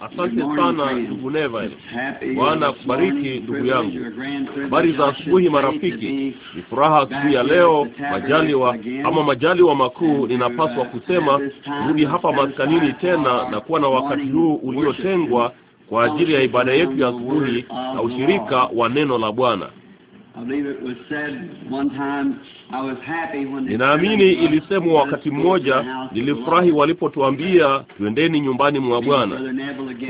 Asante sana ndugu Neva, Bwana akubariki ndugu yangu. Habari za asubuhi marafiki, ni furaha asubuhi ya leo. Majaliwa ama majaliwa makuu, ninapaswa uh, kusema rudi hapa maskanini tena na kuwa na wakati huu uliotengwa kwa ajili ya ibada yetu ya asubuhi na ushirika wa neno la Bwana. Ninaamini ilisemwa wakati mmoja, nilifurahi walipotuambia twendeni nyumbani mwa Bwana,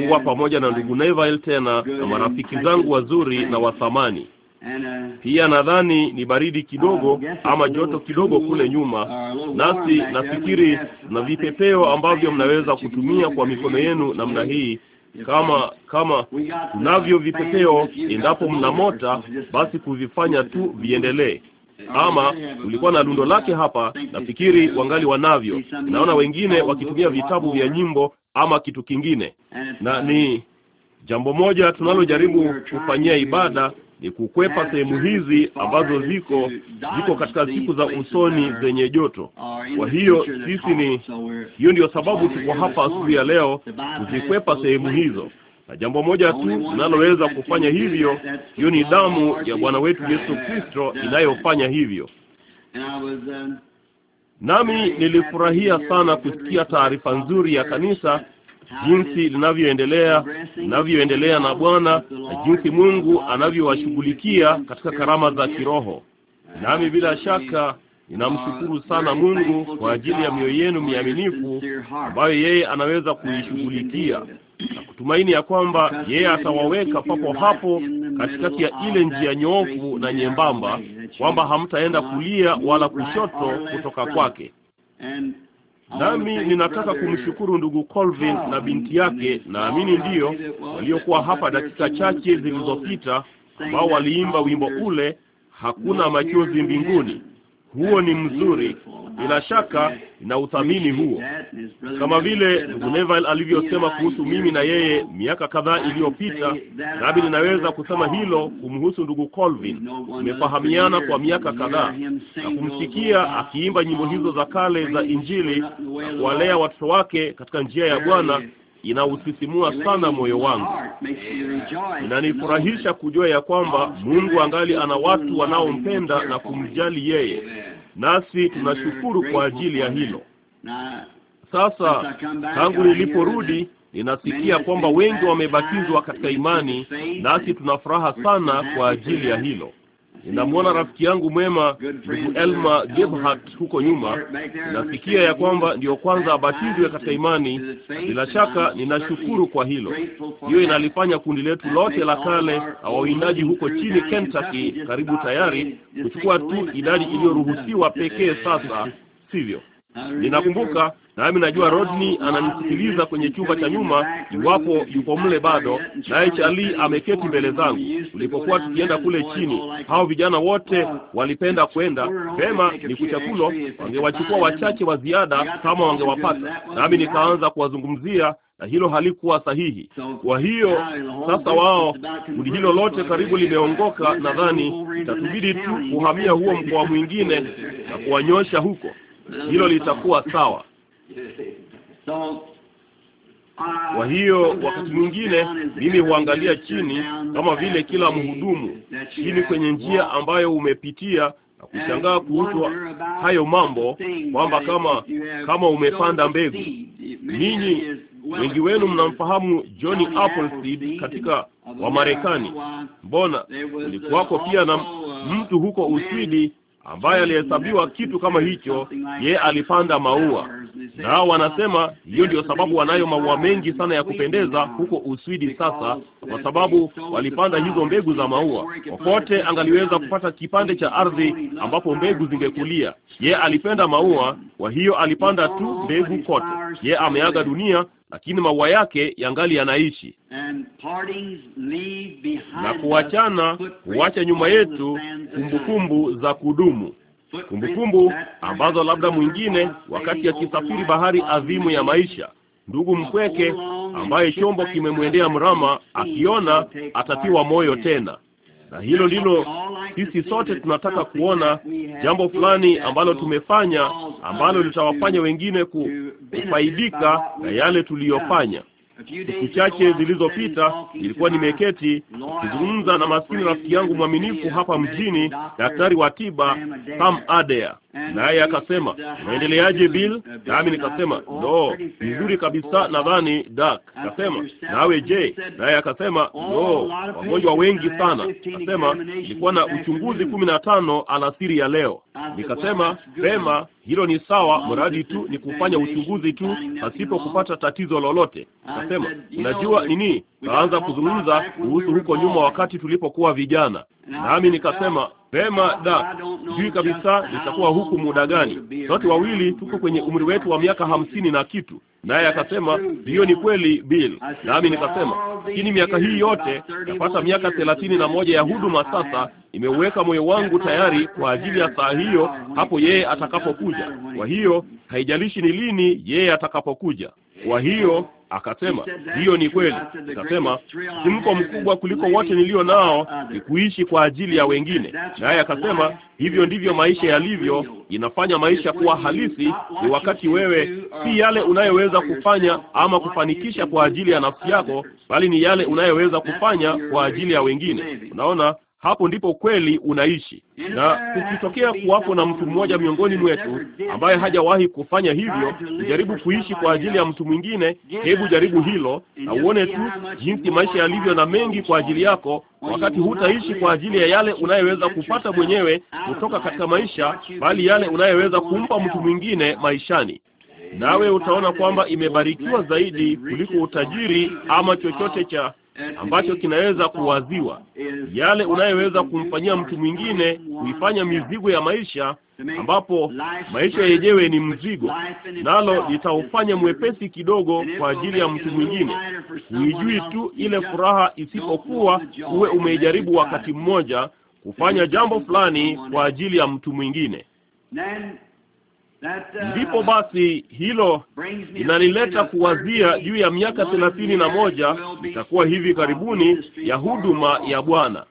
kuwa pamoja na ndugu Neville tena na marafiki zangu wazuri na wathamani. Uh, Pia nadhani ni baridi kidogo ama joto kidogo kule nyuma, uh, nasi nafikiri na vipepeo ambavyo mnaweza kutumia kwa mikono yenu namna hii kama kama navyo vipepeo, endapo mna mota, basi kuvifanya tu viendelee. Ama ulikuwa na lundo lake hapa, nafikiri wangali wanavyo. Naona wengine wakitumia vitabu vya nyimbo ama kitu kingine, na ni jambo moja tunalojaribu kufanyia ibada ni kukwepa sehemu hizi ambazo ziko ziko katika siku za usoni zenye joto. Kwa hiyo sisi ni hiyo ndio sababu tuko hapa asubuhi ya leo kuzikwepa sehemu hizo, na jambo moja tu linaloweza kufanya hivyo, hiyo ni damu ya Bwana wetu Yesu uh, Kristo inayofanya hivyo. Um, Nami nilifurahia sana kusikia taarifa nzuri ya kanisa jinsi linavyoendelea linavyoendelea na Bwana na jinsi Mungu anavyowashughulikia katika karama za kiroho. Nami bila shaka ninamshukuru sana Mungu kwa ajili ya mioyo yenu miaminifu ambayo yeye anaweza kuishughulikia na kutumaini ya kwamba yeye atawaweka papo hapo katikati ya ile njia nyoofu na nyembamba, kwamba hamtaenda kulia wala kushoto kutoka kwake Nami ninataka kumshukuru ndugu Colvin na binti yake, naamini ndiyo waliokuwa hapa dakika chache zilizopita, ambao waliimba wimbo ule, hakuna machozi mbinguni huo ni mzuri, bila shaka na uthamini huo, kama vile ndugu Neville alivyosema kuhusu mimi na yeye miaka kadhaa iliyopita, nami ninaweza kusema hilo kumhusu ndugu Colvin. Tumefahamiana kwa miaka kadhaa na kumsikia akiimba nyimbo hizo za kale za Injili na kuwalea watoto wake katika njia ya Bwana inausisimua sana moyo wangu. Inanifurahisha kujua ya kwamba Mungu angali ana watu wanaompenda na kumjali yeye, nasi tunashukuru kwa ajili ya hilo. Sasa tangu niliporudi ninasikia kwamba wengi wamebatizwa katika imani, nasi tuna furaha sana kwa ajili ya hilo. Ninamwona rafiki yangu mwema ndugu Elma gibhart huko nyuma. Nafikia ya kwamba ndiyo kwanza abatizwe katika imani. Bila shaka, ninashukuru kwa hilo. Hiyo inalifanya kundi letu lote la kale na wawindaji huko chini Kentucky karibu tayari kuchukua tu idadi iliyoruhusiwa pekee sasa, sivyo? Ninakumbuka nami najua Rodney ananisikiliza kwenye chumba cha nyuma, iwapo yupo mle bado, naye Charlie ameketi mbele zangu. Tulipokuwa tukienda kule chini, hao vijana wote walipenda kwenda vema, ni kuchakulo, wangewachukua wachache wa ziada kama wangewapata, nami nikaanza kuwazungumzia na hilo halikuwa sahihi. Kwa hiyo sasa, wao kundi hilo lote karibu limeongoka, nadhani itatubidi tu kuhamia huo mkoa mwingine na kuwanyosha huko hilo litakuwa sawa. Uh, Kwa hiyo wakati mwingine mimi huangalia chini kama vile kila mhudumu chini kwenye njia ambayo umepitia na kushangaa kuhusu hayo mambo, kwamba kama kama umepanda mbegu. Ninyi wengi wenu mnamfahamu Johnny Appleseed katika Wamarekani. Mbona uh, ulikuwako pia na uh, mtu huko Uswidi ambaye alihesabiwa kitu kama hicho, ye alipanda maua. Na wanasema hiyo ndio sababu wanayo maua mengi sana ya kupendeza huko Uswidi sasa, kwa sababu walipanda hizo mbegu za maua. Popote angaliweza kupata kipande cha ardhi ambapo mbegu zingekulia. Ye alipenda maua, kwa hiyo alipanda tu mbegu kote. Ye ameaga dunia lakini maua yake yangali yanaishi, na kuachana huacha nyuma yetu kumbukumbu za kudumu, kumbukumbu ambazo labda mwingine wakati akisafiri bahari adhimu ya maisha, ndugu mkweke ambaye chombo kimemwendea mrama, akiona atatiwa moyo tena. Na hilo ndilo sisi sote tunataka kuona jambo fulani ambalo tumefanya ambalo litawafanya wengine kufaidika na yale tuliyofanya. Siku chache zilizopita nilikuwa nimeketi nikizungumza na maskini rafiki yangu mwaminifu hapa mjini, daktari wa tiba Sam Adea, naye akasema, unaendeleaje Bill? Nami nikasema no, vizuri kabisa, nadhani dak. Akasema, nawe je? Naye akasema no, wagonjwa wengi sana. Akasema, nilikuwa na uchunguzi kumi na tano alasiri ya leo. Nikasema, vema, hilo ni sawa, mradi tu ni kufanya uchunguzi tu pasipo kupata tatizo lolote. Nasema unajua nini, naanza kuzungumza kuhusu huko nyuma, wakati tulipokuwa vijana, nami nikasema Vema, da sijui kabisa nitakuwa huku muda gani. Sote wawili tuko kwenye umri wetu wa miaka hamsini na kitu, naye akasema hiyo ni kweli Bill, nami nikasema lakini miaka hii yote napata miaka thelathini na moja ya huduma sasa, imeuweka moyo wangu tayari kwa ajili ya saa hiyo hapo yeye atakapokuja atakapokuja. Kwa hiyo haijalishi ni lini yeye atakapokuja. Kwa hiyo akasema, hiyo ni kweli. Akasema, msimko mkubwa kuliko wote nilio nao ni kuishi kwa ajili ya wengine. Naye akasema, hivyo ndivyo maisha yalivyo. Inafanya maisha kuwa halisi ni wakati wewe, si yale unayoweza kufanya ama kufanikisha kwa ajili ya nafsi yako, bali ni yale unayoweza kufanya kwa ajili ya wengine. Unaona, hapo ndipo kweli unaishi. Na kukitokea kuwapo na mtu mmoja miongoni mwetu ambaye hajawahi kufanya hivyo, kujaribu kuishi kwa ajili ya mtu mwingine, hebu jaribu hilo na uone tu jinsi maisha yalivyo na mengi kwa ajili yako, wakati hutaishi kwa ajili ya yale unayeweza kupata mwenyewe kutoka katika maisha, bali yale unayeweza kumpa mtu mwingine maishani nawe utaona kwamba imebarikiwa zaidi kuliko utajiri ama chochote cha ambacho kinaweza kuwaziwa, yale unayeweza kumfanyia mtu mwingine, kuifanya mizigo ya maisha, ambapo maisha yenyewe ni mzigo, nalo litaufanya mwepesi kidogo kwa ajili ya mtu mwingine. Huijui tu ile furaha, isipokuwa uwe umeijaribu wakati mmoja kufanya jambo fulani kwa ajili ya mtu mwingine. Uh, Ndipo basi hilo linanileta kuwazia juu ya miaka thelathini na moja itakuwa hivi karibuni ya huduma ya Bwana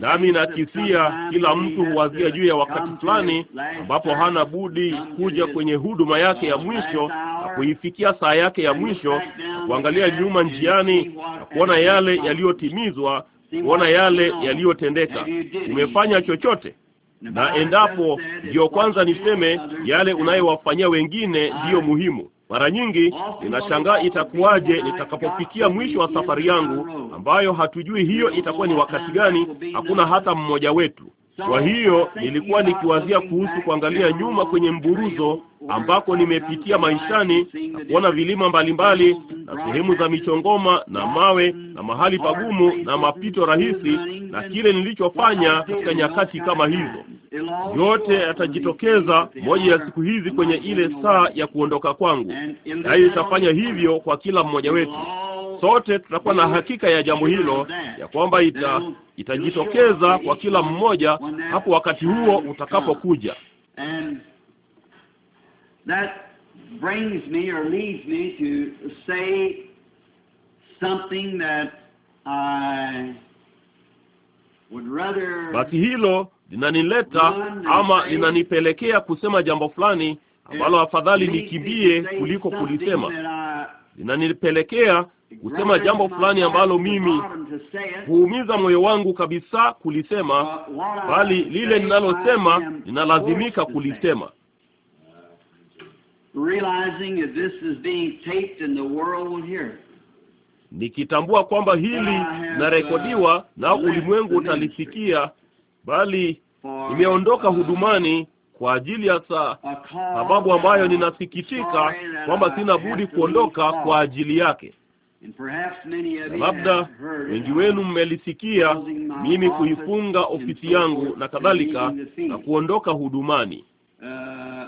nami nakisia, kila mtu huwazia juu ya wakati fulani ambapo hana budi kuja kwenye huduma yake ya mwisho na kuifikia saa yake ya mwisho na kuangalia nyuma njiani na kuona yale yaliyotimizwa, kuona yale yaliyotendeka. Umefanya chochote na endapo ndiyo kwanza niseme yale unayowafanyia wengine ndiyo muhimu. Mara nyingi ninashangaa itakuwaje nitakapofikia mwisho wa safari yangu, ambayo hatujui hiyo itakuwa ni wakati gani, hakuna hata mmoja wetu. Kwa hiyo nilikuwa nikiwazia kuhusu kuangalia nyuma kwenye mburuzo ambako nimepitia maishani na kuona vilima mbalimbali na sehemu za michongoma na mawe na mahali pagumu na mapito rahisi na kile nilichofanya katika nyakati kama hizo. Yote yatajitokeza moja ya siku hizi kwenye ile saa ya kuondoka kwangu, nayo itafanya hivyo kwa kila mmoja wetu. Sote tutakuwa na hakika ya jambo hilo, ya kwamba ita itajitokeza kwa kila mmoja hapo wakati huo utakapokuja. That brings me or leads me to say something that I would rather basi hilo linanileta ama linanipelekea kusema jambo fulani ambalo afadhali nikimbie kuliko kulisema. Linanipelekea kusema jambo fulani ambalo mimi huumiza moyo wangu kabisa kulisema, bali lile ninalosema ninalazimika kulisema realizing if this is being taped and the world will hear it. Nikitambua kwamba hili uh, narekodiwa na ulimwengu utalisikia, bali nimeondoka uh, hudumani kwa ajili ya saa, sababu ambayo ninasikitika kwamba sina budi kuondoka kwa ajili yake. Na labda wengi wenu mmelisikia mimi kuifunga ofisi yangu na kadhalika na kuondoka hudumani. Uh,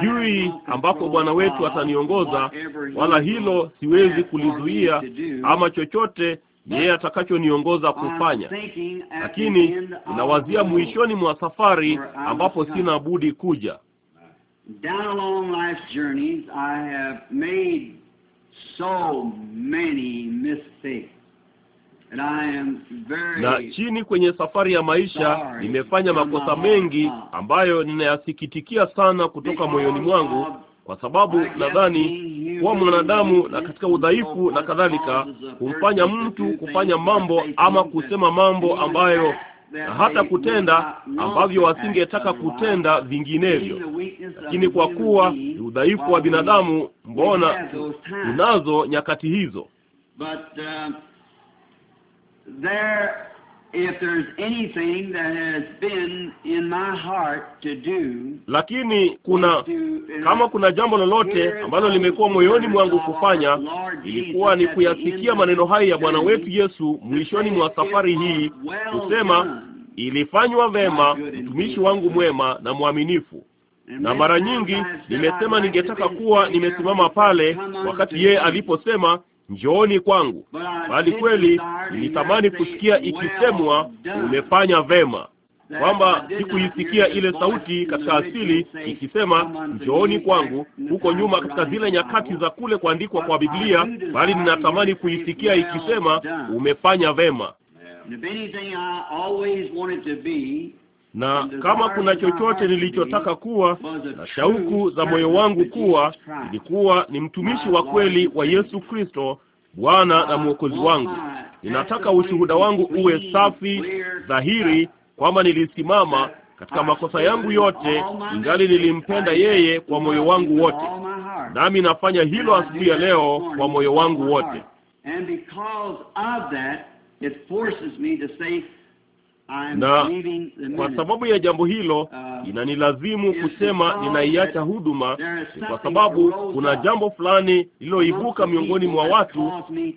Sijui ambapo Bwana wetu ataniongoza, wala hilo siwezi kulizuia, ama chochote yeye atakachoniongoza kufanya, lakini ninawazia mwishoni mwa safari ambapo sina budi kuja. Down na chini kwenye safari ya maisha nimefanya makosa mengi ambayo ninayasikitikia sana kutoka moyoni mwangu, kwa sababu nadhani kuwa mwanadamu na katika udhaifu na kadhalika kumfanya mtu kufanya mambo ama kusema mambo ambayo na hata kutenda ambavyo wasingetaka kutenda vinginevyo. Lakini kwa kuwa ni udhaifu wa binadamu, mbona tunazo nyakati hizo. Uh, there, if there's anything that has been in my heart to do, lakini kuna kama kuna jambo lolote ambalo limekuwa moyoni mwangu kufanya, ilikuwa ni kuyasikia maneno haya ya Bwana wetu Yesu mwishoni mwa safari hii, kusema ilifanywa vema, mtumishi wangu mwema na mwaminifu na mara nyingi nimesema ningetaka kuwa nimesimama pale wakati yeye aliposema njooni kwangu, bali kweli nilitamani kusikia ikisemwa, umefanya vema, kwamba sikuisikia ile sauti katika asili ikisema njooni kwangu huko nyuma katika zile nyakati za kule kuandikwa kwa Biblia, bali ninatamani kuisikia ikisema umefanya vema na kama kuna chochote nilichotaka kuwa na shauku za moyo wangu kuwa, ilikuwa ni mtumishi wa kweli wa Yesu Kristo, Bwana na Mwokozi wangu. Ninataka ushuhuda wangu uwe safi, dhahiri, kwamba nilisimama katika makosa yangu yote, ingali nilimpenda yeye kwa moyo wangu wote, nami nafanya hilo asubuhi ya leo kwa moyo wangu wote na kwa sababu ya jambo hilo uh, inanilazimu kusema ninaiacha huduma, kwa sababu kuna jambo fulani lililoibuka miongoni mwa watu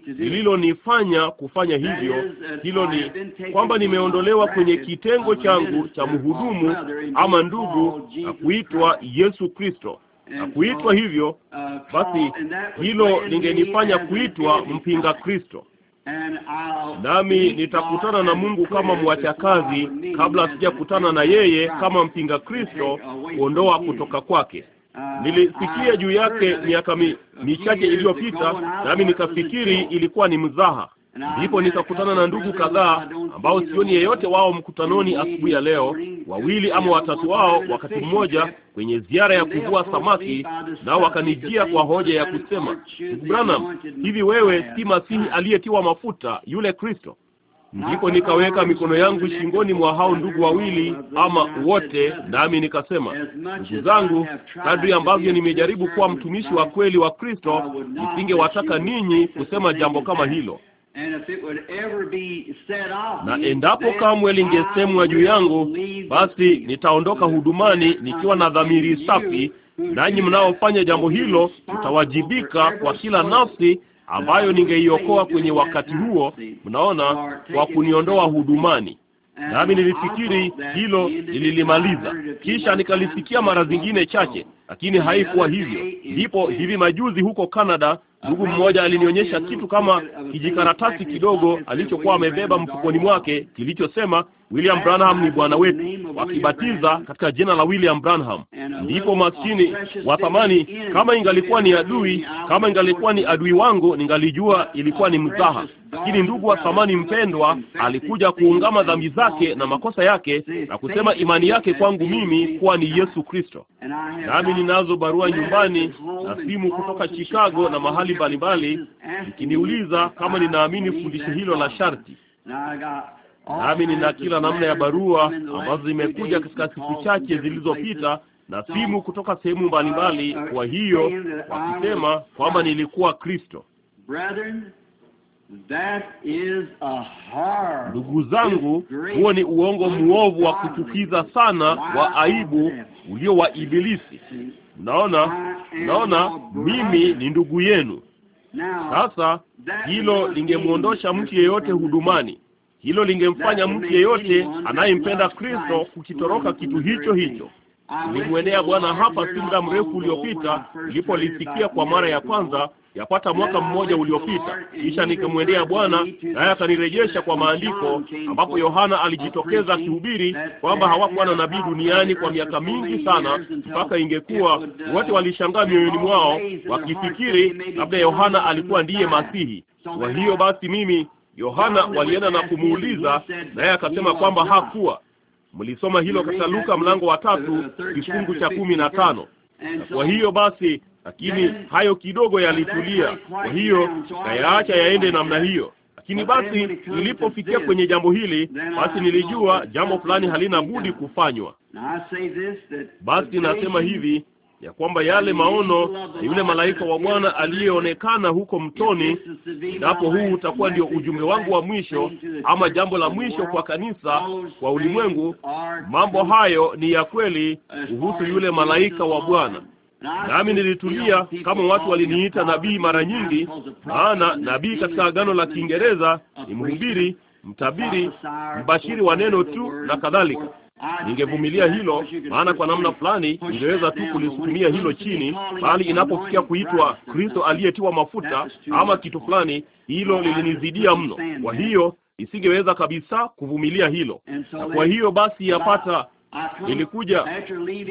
lililonifanya kufanya hivyo. Uh, hilo ni kwamba nimeondolewa kwenye kitengo changu cha mhudumu ama ndugu na kuitwa Yesu Kristo na kuitwa hivyo, uh, basi hilo lingenifanya kuitwa mpinga Kristo nami nitakutana na Mungu kama mwacha kazi, kabla sijakutana na yeye kama mpinga Kristo kuondoa kutoka kwake. Uh, Nilisikia juu yake miaka michache iliyopita, nami nikafikiri ilikuwa ni mzaha. Ndipo nikakutana na ndugu kadhaa ambao sioni yeyote wao mkutanoni asubuhi ya leo, wawili ama watatu wao wakati mmoja kwenye ziara ya kuvua samaki, nao wakanijia kwa hoja ya kusema, Ndugu Branham, hivi wewe si masihi aliyetiwa mafuta yule Kristo? Ndipo nikaweka mikono yangu shingoni mwa hao ndugu wawili ama wote, nami nikasema, ndugu zangu, kadri ambavyo nimejaribu kuwa mtumishi wa kweli wa Kristo, nisingewataka ninyi kusema jambo kama hilo na endapo kamwe lingesemwa juu yangu, basi nitaondoka hudumani nikiwa na dhamiri safi, nanyi mnaofanya jambo hilo mtawajibika kwa kila nafsi ambayo ningeiokoa kwenye wakati huo, mnaona, kwa kuniondoa hudumani. Nami nilifikiri hilo lililimaliza, kisha nikalifikia mara zingine chache lakini haikuwa hivyo. Ndipo hivi majuzi huko Kanada, ndugu mmoja alinionyesha kitu kama kijikaratasi kidogo alichokuwa amebeba mfukoni mwake kilichosema William Branham ni bwana wetu, wakibatiza katika jina la William Branham. Ndipo maskini wa thamani, kama ingalikuwa ni adui, kama ingalikuwa ni adui wangu, ningalijua ilikuwa ni mzaha, lakini ndugu wa thamani mpendwa alikuja kuungama dhambi zake na makosa yake na kusema imani yake kwangu mimi kuwa ni Yesu Kristo, nami ninazo barua nyumbani na simu kutoka Chicago na mahali mbalimbali, ikiniuliza kama ninaamini fundisho hilo la sharti. Nami nina kila namna ya barua ambazo zimekuja katika siku chache zilizopita na simu kutoka sehemu mbalimbali, kwa hiyo wakisema kwamba nilikuwa Kristo. Ndugu zangu, huo ni uongo mwovu wa kuchukiza sana wa aibu ulio wa Ibilisi. naona naona mimi ni ndugu yenu. Sasa hilo lingemwondosha mtu yeyote hudumani, hilo lingemfanya mtu yeyote anayempenda Kristo kukitoroka kitu hicho hicho. Nilimwendea Bwana hapa si muda mrefu uliopita, nilipolisikia kwa mara ya kwanza yapata mwaka mmoja uliopita. Kisha nikamwendea Bwana naye akanirejesha kwa maandiko, ambapo Yohana alijitokeza akihubiri kwamba hawakuwa na nabii duniani kwa miaka mingi sana, mpaka ingekuwa wote walishangaa mioyoni mwao wakifikiri labda Yohana alikuwa ndiye Masihi. Kwa hiyo basi mimi Yohana walienda na kumuuliza, naye akasema kwamba hakuwa. Mlisoma hilo katika Luka mlango wa tatu kifungu cha kumi na tano. Kwa hiyo basi lakini hayo kidogo yalitulia. Kwa hiyo nayaacha yaende namna hiyo, lakini basi nilipofikia kwenye jambo hili, basi nilijua jambo fulani halina budi kufanywa. Basi nasema hivi ya kwamba yale maono na yule malaika wa Bwana aliyeonekana huko mtoni, endapo huu utakuwa ndio ujumbe wangu wa mwisho ama jambo la mwisho kwa kanisa, kwa ulimwengu, mambo hayo ni ya kweli kuhusu yule malaika wa Bwana nami nilitulia, kama watu waliniita nabii mara nyingi, maana nabii katika agano la Kiingereza ni mhubiri, mtabiri, mbashiri wa neno tu na kadhalika. Ningevumilia hilo, maana kwa namna fulani ningeweza tu kulisukumia hilo chini, bali inapofikia kuitwa Kristo aliyetiwa mafuta ama kitu fulani, hilo lilinizidia mno. Kwa hiyo isingeweza kabisa kuvumilia hilo, na kwa hiyo basi yapata Nilikuja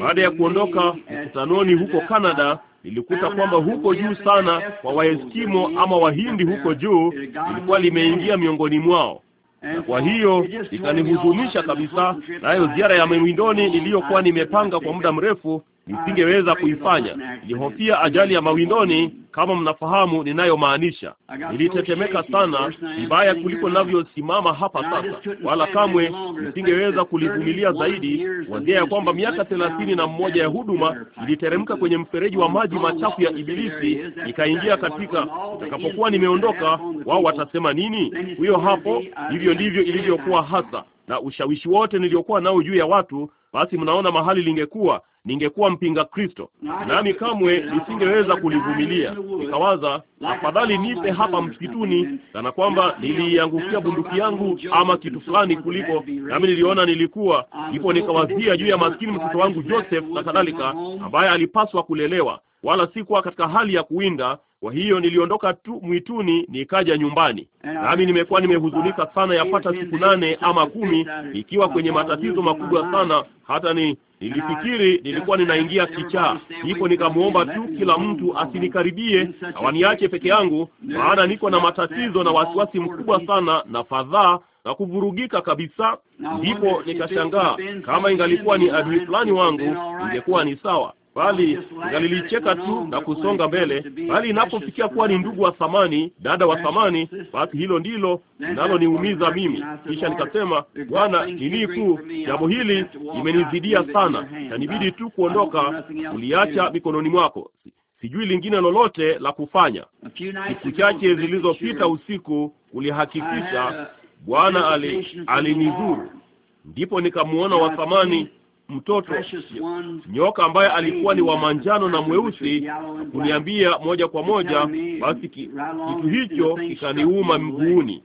baada ya kuondoka mkutanoni huko Kanada, nilikuta kwamba huko juu sana kwa Waeskimo ama Wahindi huko juu ilikuwa limeingia miongoni mwao, na kwa hiyo ikanihuzunisha kabisa, nayo ziara ya mawindoni niliyokuwa nimepanga kwa muda mrefu nisingeweza kuifanya. Nilihofia ajali ya mawindoni, kama mnafahamu ninayomaanisha. Nilitetemeka sana, vibaya kuliko ninavyosimama hapa sasa, wala kamwe nisingeweza kulivumilia zaidi, kuanzia ya kwamba miaka thelathini na mmoja ya huduma iliteremka kwenye mfereji wa maji machafu ya Ibilisi, ikaingia katika. Nitakapokuwa nimeondoka, wao watasema nini? Huyo hapo, hivyo ndivyo ilivyokuwa hasa na ushawishi wote niliokuwa nao juu ya watu basi mnaona mahali lingekuwa, ningekuwa mpinga Kristo, nami kamwe nisingeweza kulivumilia. Nikawaza, afadhali nipe hapa msituni, kana kwamba niliiangukia bunduki yangu ama kitu fulani, kuliko nami niliona nilikuwa ndipo. Nikawazia juu ya maskini mtoto wangu Joseph na kadhalika, ambaye alipaswa kulelewa, wala sikuwa katika hali ya kuwinda. Kwa hiyo niliondoka tu mwituni nikaja nyumbani, nami nimekuwa nimehuzunika sana yapata siku nane ama kumi, ikiwa kwenye matatizo makubwa sana hata ni nilifikiri ah, nilikuwa ninaingia kichaa, ndipo nikamwomba tu kila mtu asinikaribie na waniache peke yangu, maana niko na matatizo na wasiwasi mkubwa sana na fadhaa na kuvurugika kabisa. Ndipo nikashangaa, kama ingalikuwa ni adui fulani wangu, ingekuwa ni sawa, bali ngalilicheka tu na kusonga mbele, bali inapofikia kuwa ni ndugu wa thamani, dada wa thamani, basi hilo ndilo linaloniumiza mimi. Kisha nikasema, Bwana, nini kuu jambo hili imenizidia sana, na nibidi tu kuondoka, kuliacha mikononi mwako sijui lingine lolote la kufanya. Siku chache zilizopita usiku ulihakikisha Bwana alinizuru ali, ndipo nikamwona wa thamani mtoto nyoka ambaye alikuwa ni wa manjano na mweusi, kuniambia moja kwa moja, basi kitu hicho kikaniuma mguuni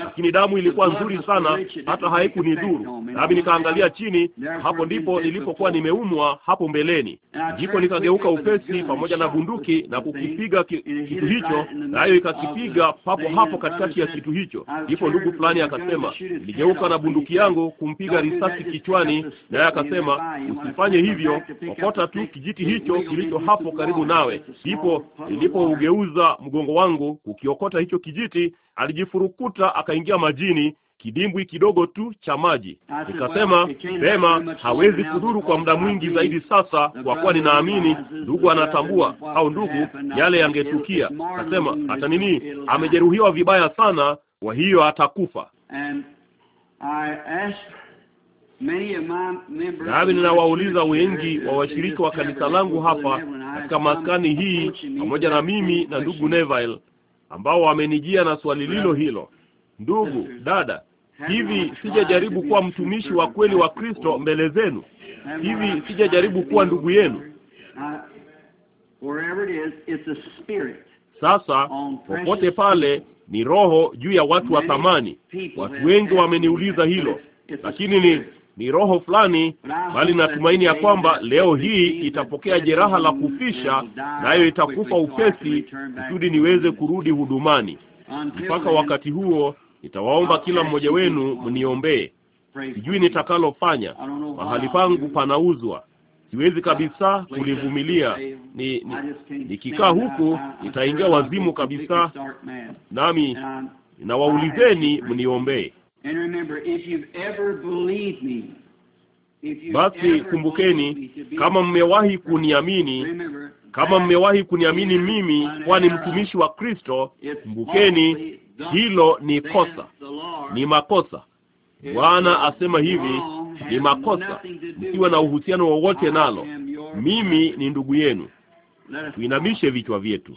lakini damu ilikuwa nzuri sana, hata haikunidhuru. Nami nikaangalia chini, hapo ndipo nilipokuwa nimeumwa hapo mbeleni. Ndipo nikageuka upesi pamoja na bunduki na kukipiga kitu hicho, nayo ikakipiga papo hapo katikati ya kitu hicho. Ndipo ndugu fulani akasema, niligeuka na bunduki yangu kumpiga risasi kichwani, naye akasema, usifanye hivyo, okota tu kijiti hicho kilicho hapo karibu nawe. Ndipo nilipougeuza mgongo wangu kukiokota hicho kijiti, alijifurukuta akaingia majini, kidimbwi kidogo tu cha maji. Nikasema vema, hawezi kudhuru kwa muda mwingi zaidi sasa, kwa kuwa ninaamini ndugu anatambua, au ndugu, yale yangetukia. Kasema hata nini, amejeruhiwa vibaya sana, kwa hiyo atakufa. Nami ninawauliza wengi wa washiriki wa kanisa langu hapa katika maskani hii, pamoja na mimi na ndugu Neville, ambao wamenijia na swali lilo hilo ndugu, dada, hivi sijajaribu kuwa mtumishi wa kweli wa Kristo mbele zenu? Hivi sijajaribu kuwa ndugu yenu? Uh, Sasa popote pale ni roho juu ya watu wa thamani. Watu wengi wameniuliza hilo, lakini ni ni roho fulani, bali natumaini ya kwamba leo hii itapokea jeraha la kufisha, nayo itakufa upesi, kusudi niweze kurudi hudumani. Mpaka wakati huo nitawaomba kila mmoja wenu mniombee. Sijui nitakalofanya, mahali pangu panauzwa, siwezi kabisa kulivumilia. Ni nikikaa ni huku nitaingia wazimu kabisa, nami nawaulizeni mniombee. Basi kumbukeni, kama mmewahi kuniamini, kama mmewahi kuniamini mimi, kwani mtumishi wa Kristo, kumbukeni hilo ni kosa, ni makosa. Bwana asema hivi, ni makosa, msiwe na uhusiano wowote nalo. Mimi ni ndugu yenu. Tuinamishe vichwa vyetu.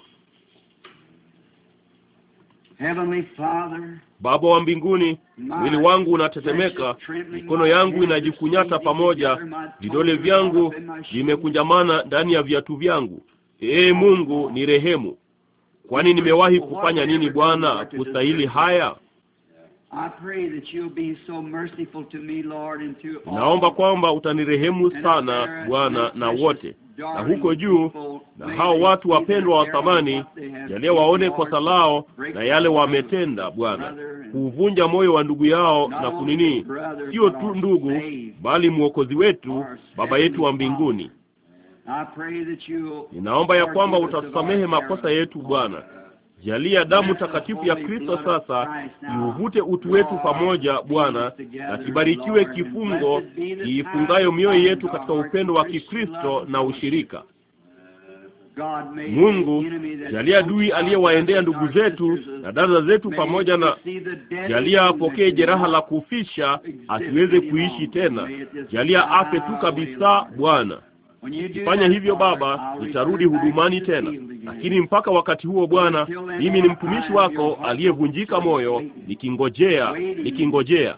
Baba wa mbinguni, mwili wangu unatetemeka, mikono yangu inajikunyata pamoja, vidole vyangu vimekunjamana ndani ya viatu vyangu. Ee Mungu, ni rehemu Kwani nimewahi kufanya nini Bwana kustahili haya? Naomba kwamba utanirehemu sana Bwana na wote na huko juu na hao watu wapendwa wa thamani, jalia waone kosa lao na yale wametenda, Bwana, kuuvunja moyo wa ndugu yao na kunini, sio tu ndugu, bali mwokozi wetu, Baba yetu wa mbinguni. Ninaomba ya kwamba utatusamehe makosa yetu Bwana. Jalia damu takatifu ya Kristo sasa iuvute utu wetu pamoja Bwana, na kibarikiwe kifungo kiifungayo mioyo yetu katika upendo wa Kikristo na ushirika. Mungu, jalia dui aliyewaendea ndugu zetu na dada zetu pamoja na, jalia apokee jeraha la kufisha asiweze kuishi tena, jalia afe tu kabisa Bwana. Ukifanya hivyo Baba, nitarudi hudumani tena. Lakini mpaka wakati huo Bwana, mimi ni mtumishi wako aliyevunjika moyo, nikingojea, nikingojea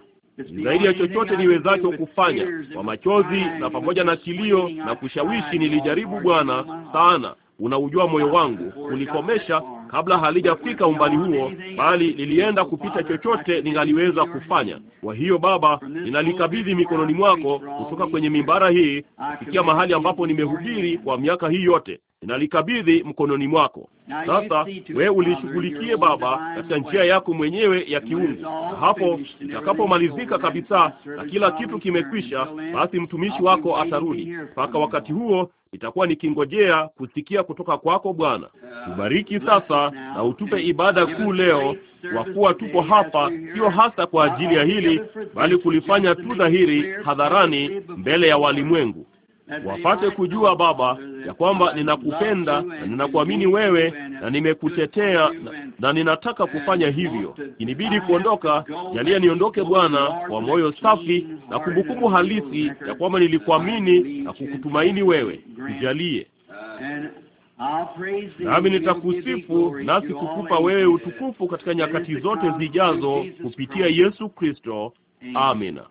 zaidi ya chochote niwezacho kufanya. Kwa machozi na pamoja na kilio na kushawishi, nilijaribu Bwana sana unaujua moyo wangu, kunikomesha kabla halijafika umbali huo, bali lilienda kupita chochote ningaliweza kufanya. Kwa hiyo Baba, ninalikabidhi mikononi mwako kutoka kwenye mimbara hii kufikia mahali ambapo nimehubiri kwa miaka hii yote ninalikabidhi mkononi mwako. Sasa we ulishughulikie Baba, katika njia yako mwenyewe ya kiungu. Hapo itakapomalizika kabisa na kila kitu kimekwisha, basi mtumishi wako atarudi. Mpaka wakati huo itakuwa nikingojea kusikia kutoka kwako Bwana. Uh, Tubariki sasa na utupe ibada kuu leo, kwa kuwa tupo hapa sio hasa kwa ajili ya hili, bali kulifanya tu dhahiri hadharani mbele ya walimwengu wapate kujua Baba ya kwamba ninakupenda na ninakuamini wewe na nimekutetea na, na ninataka kufanya hivyo. Inibidi kuondoka, jalia yaani niondoke Bwana, kwa moyo safi na kumbukumbu halisi ya kwamba nilikuamini na kukutumaini wewe. Nijalie nami nitakusifu nasi kukupa wewe utukufu katika nyakati zote zijazo kupitia Yesu Kristo. Amina.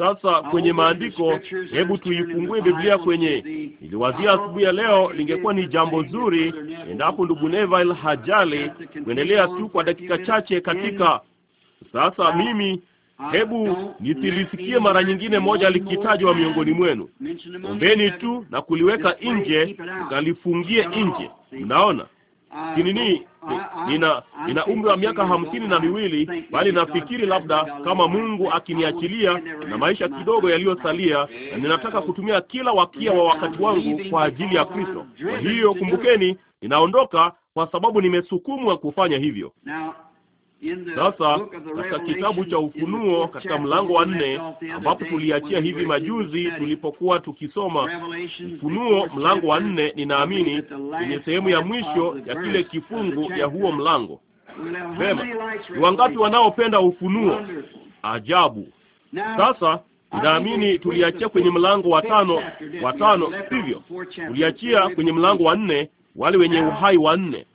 Sasa kwenye maandiko, hebu tuifungue Biblia kwenye, niliwazia asubuhi ya leo lingekuwa ni jambo zuri endapo ndugu Neville hajali kuendelea tu kwa dakika chache katika. Sasa mimi hebu nisilisikie mara nyingine moja likitajwa miongoni mwenu. Ombeni tu na kuliweka nje, tukalifungie nje. Mnaona kinini? nina nina umri wa miaka hamsini na miwili, bali nafikiri labda kama Mungu akiniachilia na maisha kidogo yaliyosalia, na ninataka kutumia kila wakia wa wakati wangu kwa ajili ya Kristo. Kwa hiyo kumbukeni, ninaondoka kwa sababu nimesukumwa kufanya hivyo. Sasa katika kitabu cha Ufunuo katika mlango wa nne ambapo tuliachia hivi majuzi tulipokuwa tukisoma Ufunuo mlango wa nne, ninaamini kwenye sehemu ya mwisho ya kile kifungu ya huo mlango. Vema, ni wangapi wanaopenda Ufunuo? Ajabu. Sasa ninaamini tuliachia kwenye mlango wa tano, wa tano sivyo? Tuliachia kwenye mlango wa nne, wale wenye uhai wa nne.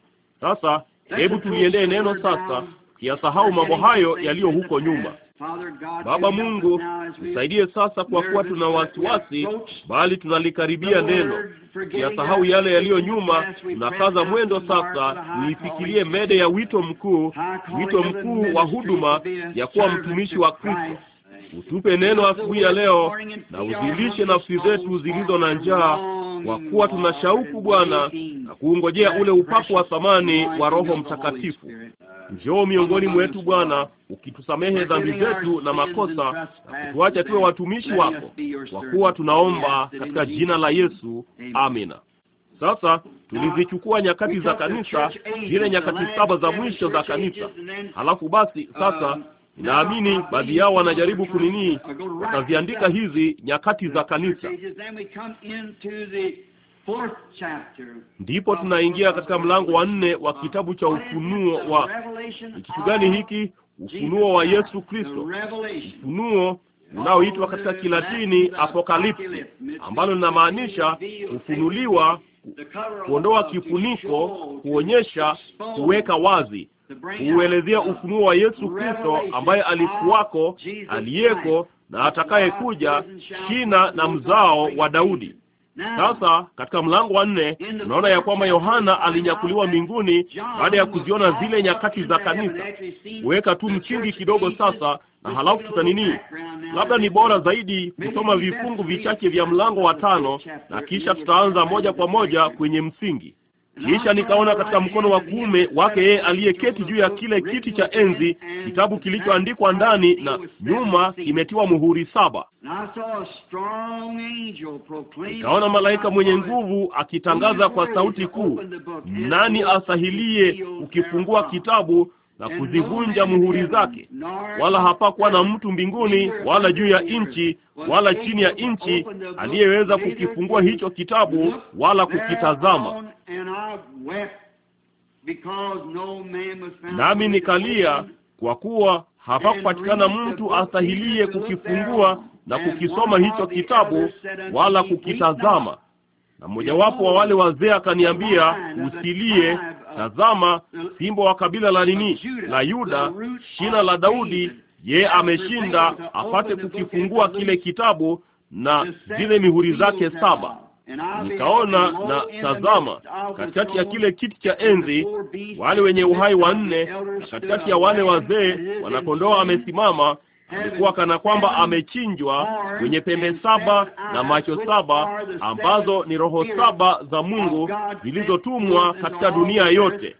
Sasa hebu tuliendee neno sasa kiyasahau mambo hayo yaliyo huko nyuma. Baba Mungu, tusaidie sasa, kwa kuwa tuna wasiwasi, bali tunalikaribia neno. Kiyasahau yale yaliyo nyuma, tunakaza mwendo sasa, niifikirie mede ya wito mkuu, wito mkuu wa huduma ya kuwa mtumishi wa Kristo utupe neno asubuhi ya leo na uzilishe nafsi zetu zilizo na njaa, kwa kuwa tuna shauku Bwana na kuungojea ule upako wa thamani wa Roho Mtakatifu. Njoo miongoni mwetu Bwana, ukitusamehe dhambi zetu na makosa na kutuacha tuwe watumishi wako, kwa kuwa tunaomba katika jina la Yesu, amina. Sasa tulizichukua nyakati za kanisa, zile nyakati saba za mwisho za kanisa. Halafu basi sasa Ninaamini baadhi yao wanajaribu kunini, wakaziandika hizi nyakati za kanisa. Ndipo tunaingia katika mlango wa nne wa kitabu cha Ufunuo wa kitu gani hiki? Ufunuo wa Yesu Kristo, ufunuo unaoitwa katika Kilatini Apokalipsi, ambalo linamaanisha kufunuliwa, kuondoa kifuniko, kuonyesha, kuweka wazi kuelezea ufunuo wa Yesu Kristo ambaye alikuwako, aliyeko na atakayekuja, shina na mzao wa Daudi. Sasa katika mlango wa nne tunaona ya kwamba Yohana alinyakuliwa mbinguni baada ya kuziona zile nyakati za kanisa. Kuweka tu msingi kidogo sasa, na halafu tuta nini, labda ni bora zaidi kusoma vifungu vichache vya mlango wa tano, na kisha tutaanza moja kwa moja kwenye msingi. Kisha nikaona katika mkono wa kuume wake yeye aliyeketi juu ya kile kiti cha enzi kitabu kilichoandikwa ndani na nyuma kimetiwa muhuri saba. Nikaona malaika mwenye nguvu akitangaza kwa sauti kuu, nani asahilie ukifungua kitabu na kuzivunja muhuri zake? Wala hapakuwa na mtu mbinguni wala juu ya nchi wala chini ya nchi aliyeweza kukifungua hicho kitabu wala kukitazama nami nikalia, kwa kuwa hapakupatikana mtu astahilie kukifungua na kukisoma hicho kitabu wala kukitazama. Na mmojawapo wa wale wazee akaniambia, usilie, tazama, simbo wa kabila la nini, la Yuda, shina la Daudi, yeye ameshinda apate kukifungua kile kitabu na zile mihuri zake saba nikaona na tazama, katikati ya kile kiti cha enzi wale wenye uhai wanne, na katikati ya wale wazee wanakondoa amesimama alikuwa kana kwamba amechinjwa, kwenye pembe saba na macho saba, ambazo ni roho saba za Mungu zilizotumwa katika dunia yote.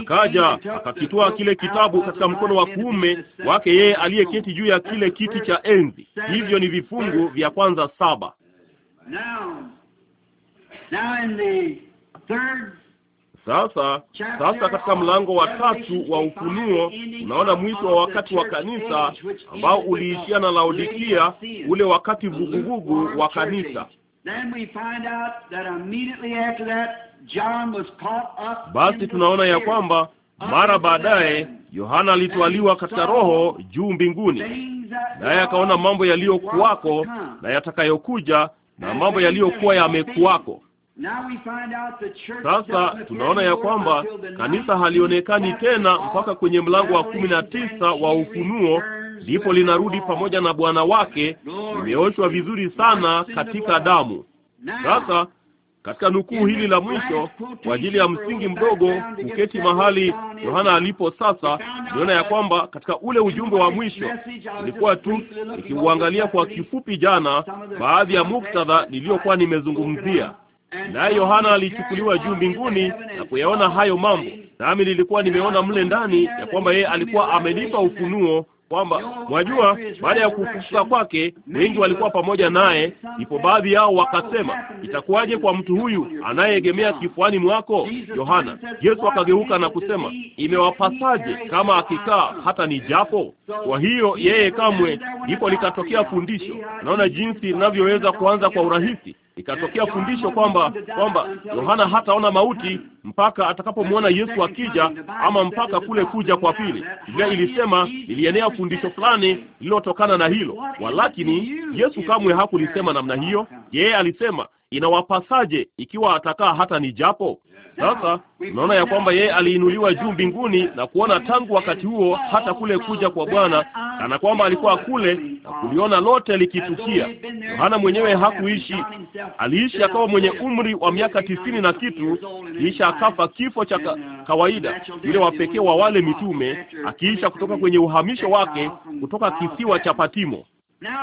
Akaja akakitoa kile kitabu katika mkono wa kuume wake yeye aliyeketi juu ya kile kiti cha enzi. Hivyo ni vifungu vya kwanza saba. Sasa sasa, katika mlango wa tatu wa Ufunuo unaona mwisho wa wakati wa kanisa ambao uliishia na Laodikia, ule wakati vuguvugu wa kanisa. Basi tunaona ya kwamba mara baadaye Yohana alitwaliwa katika roho juu mbinguni, naye akaona mambo yaliyokuwako na yatakayokuja na mambo yaliyokuwa yamekuwako. Sasa tunaona ya kwamba kanisa halionekani tena mpaka kwenye mlango wa kumi na tisa wa Ufunuo, ndipo linarudi pamoja na Bwana wake, limeoshwa vizuri sana katika damu. Sasa katika nukuu hili la mwisho kwa ajili ya msingi mdogo kuketi mahali Yohana alipo sasa, niona ya kwamba katika ule ujumbe wa mwisho nilikuwa tu nikiuangalia kwa kifupi jana, baadhi ya muktadha niliyokuwa nimezungumzia naye Yohana alichukuliwa juu mbinguni na kuyaona hayo mambo, nami nilikuwa nimeona mle ndani ya kwamba yeye alikuwa amenipa ufunuo kwamba mwajua, baada ya kufufuka kwake wengi walikuwa pamoja naye, ndipo baadhi yao wakasema, itakuwaje kwa mtu huyu anayeegemea kifuani mwako Yohana? Yesu akageuka na kusema, imewapasaje kama akikaa hata nijapo? Kwa hiyo yeye kamwe. Ndipo likatokea fundisho. Naona jinsi linavyoweza kuanza kwa urahisi Ikatokea fundisho kwamba kwamba Yohana hataona mauti mpaka atakapomwona Yesu akija, ama mpaka kule kuja kwa pili. Biblia ilisema, ilienea fundisho fulani lililotokana na hilo, walakini Yesu kamwe hakulisema namna hiyo. Yeye alisema inawapasaje ikiwa atakaa hata ni japo sasa tunaona ya kwamba yeye aliinuliwa juu mbinguni na kuona tangu wakati huo hata kule kuja kwa Bwana, kana kwamba alikuwa kule na kuliona lote likitukia. Yohana mwenyewe hakuishi, aliishi akawa mwenye umri wa miaka tisini na kitu, kisha akafa kifo cha kawaida yule wa pekee wa wale mitume, akiisha kutoka kwenye uhamisho wake kutoka kisiwa cha Patimo.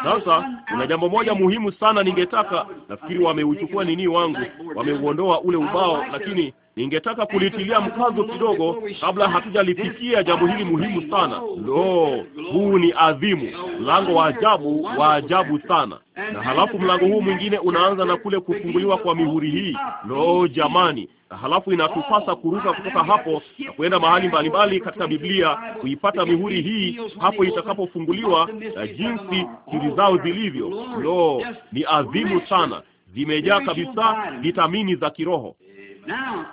Sasa kuna jambo moja muhimu sana ningetaka, nafikiri wameuchukua nini wangu, wameuondoa ule ubao, lakini ningetaka kulitilia mkazo kidogo kabla hatujalifikia jambo hili muhimu sana. Lo, huu ni adhimu, mlango wa ajabu wa ajabu sana na halafu mlango huu mwingine unaanza na kule kufunguliwa kwa mihuri hii. lo jamani! Na halafu inatupasa kuruka kutoka hapo na kuenda mahali mbalimbali katika Biblia kuipata mihuri hii hapo itakapofunguliwa, na jinsi siri zao zilivyo. lo ni adhimu sana, zimejaa kabisa vitamini za kiroho.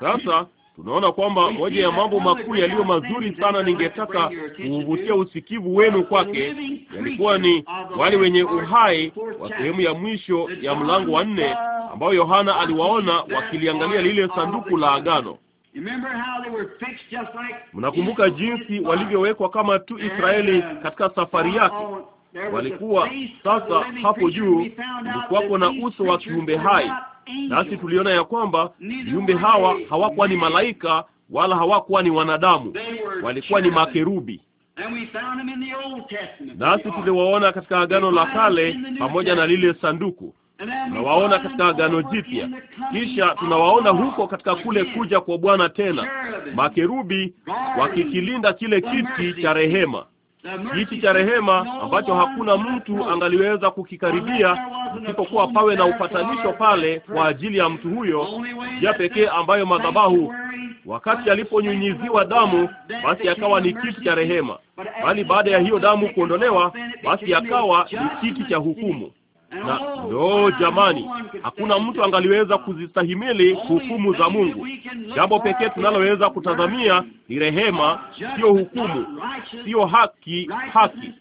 Sasa tunaona kwamba moja ya mambo makuu yaliyo mazuri sana, ningetaka kuuvutia usikivu wenu kwake, yalikuwa ni wale wenye uhai wa sehemu ya mwisho ya mlango wa nne, ambao Yohana aliwaona wakiliangalia lile sanduku la agano. Mnakumbuka jinsi walivyowekwa kama tu Israeli katika safari yake walikuwa sasa hapo juu, kulikuwako na uso wa kiumbe hai Nasi tuliona ya kwamba viumbe hawa hawakuwa ni malaika wala hawakuwa ni wanadamu, walikuwa ni makerubi. Nasi tuliwaona katika Agano la Kale pamoja na lile sanduku, tunawaona katika Agano Jipya, kisha tunawaona huko katika kule kuja kwa Bwana tena, makerubi wakikilinda kile kiti cha rehema kiti cha rehema ambacho hakuna mtu angaliweza kukikaribia isipokuwa pawe na upatanisho pale kwa ajili ya mtu huyo, ya pekee ambayo madhabahu wakati aliponyunyiziwa damu, basi akawa ni kiti cha rehema, bali baada ya hiyo damu kuondolewa, basi akawa ni kiti cha hukumu na Jamani, hakuna mtu angaliweza kuzistahimili hukumu za Mungu. Jambo pekee tunaloweza kutazamia ni rehema, sio hukumu, sio haki. Haki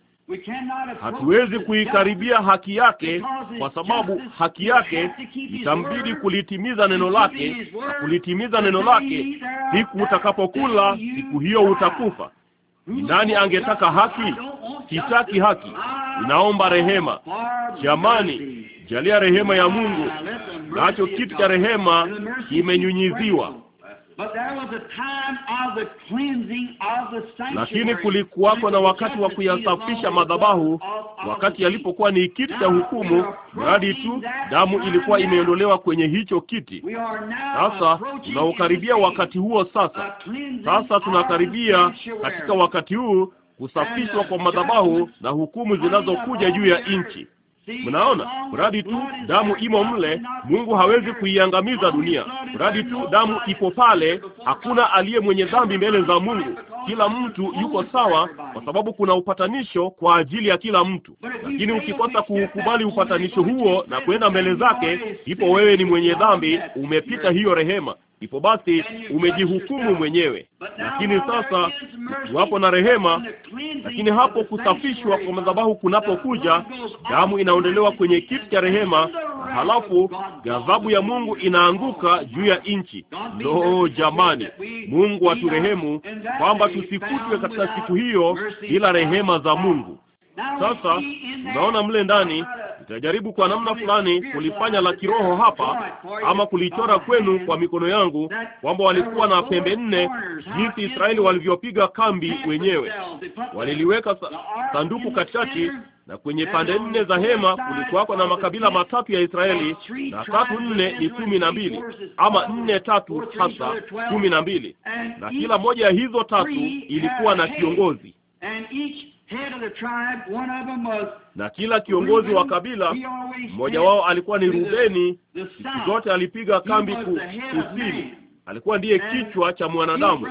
hatuwezi kuikaribia haki yake, kwa sababu haki yake itambidi kulitimiza neno lake, na kulitimiza neno lake, siku utakapokula siku hiyo utakufa. Ni nani angetaka haki? Sitaki haki, naomba rehema. Jamani, jalia rehema ya Mungu, nacho kitu cha rehema kimenyunyiziwa lakini kulikuwako na wakati wa kuyasafisha madhabahu, wakati yalipokuwa ni kiti cha hukumu, mradi tu damu ilikuwa imeondolewa kwenye hicho kiti. Sasa tunaukaribia wakati huo. Sasa sasa tunakaribia katika wakati huu kusafishwa kwa madhabahu na hukumu zinazokuja juu ya nchi. Mnaona, mradi tu damu imo mle, Mungu hawezi kuiangamiza dunia. Mradi tu damu ipo pale, hakuna aliye mwenye dhambi mbele za Mungu. Kila mtu yuko sawa, kwa sababu kuna upatanisho kwa ajili ya kila mtu. Lakini ukikosa kuukubali upatanisho huo na kwenda mbele zake, ipo wewe ni mwenye dhambi, umepita hiyo rehema. Ndipo basi umejihukumu mwenyewe. Lakini sasa wapo na rehema, lakini hapo kusafishwa kwa madhabahu kunapokuja, damu inaondolewa kwenye kiti cha rehema, na halafu ghadhabu ya Mungu inaanguka juu ya nchi. Lo, jamani, Mungu aturehemu kwamba tusikutwe katika siku hiyo bila rehema za Mungu. Sasa unaona mle ndani, nitajaribu kwa namna fulani kulifanya la kiroho hapa, ama kulichora kwenu kwa mikono yangu, kwamba walikuwa na pembe nne, jinsi Israeli walivyopiga kambi wenyewe. Waliliweka sanduku katikati na kwenye pande nne za hema kulikuwako na makabila matatu ya Israeli, na tatu nne ni kumi na mbili, ama nne tatu hasa kumi na mbili, na kila moja ya hizo tatu ilikuwa na kiongozi na kila kiongozi wa kabila mmoja wao alikuwa ni Rubeni. Siku zote alipiga kambi kusini, alikuwa ndiye kichwa cha mwanadamu,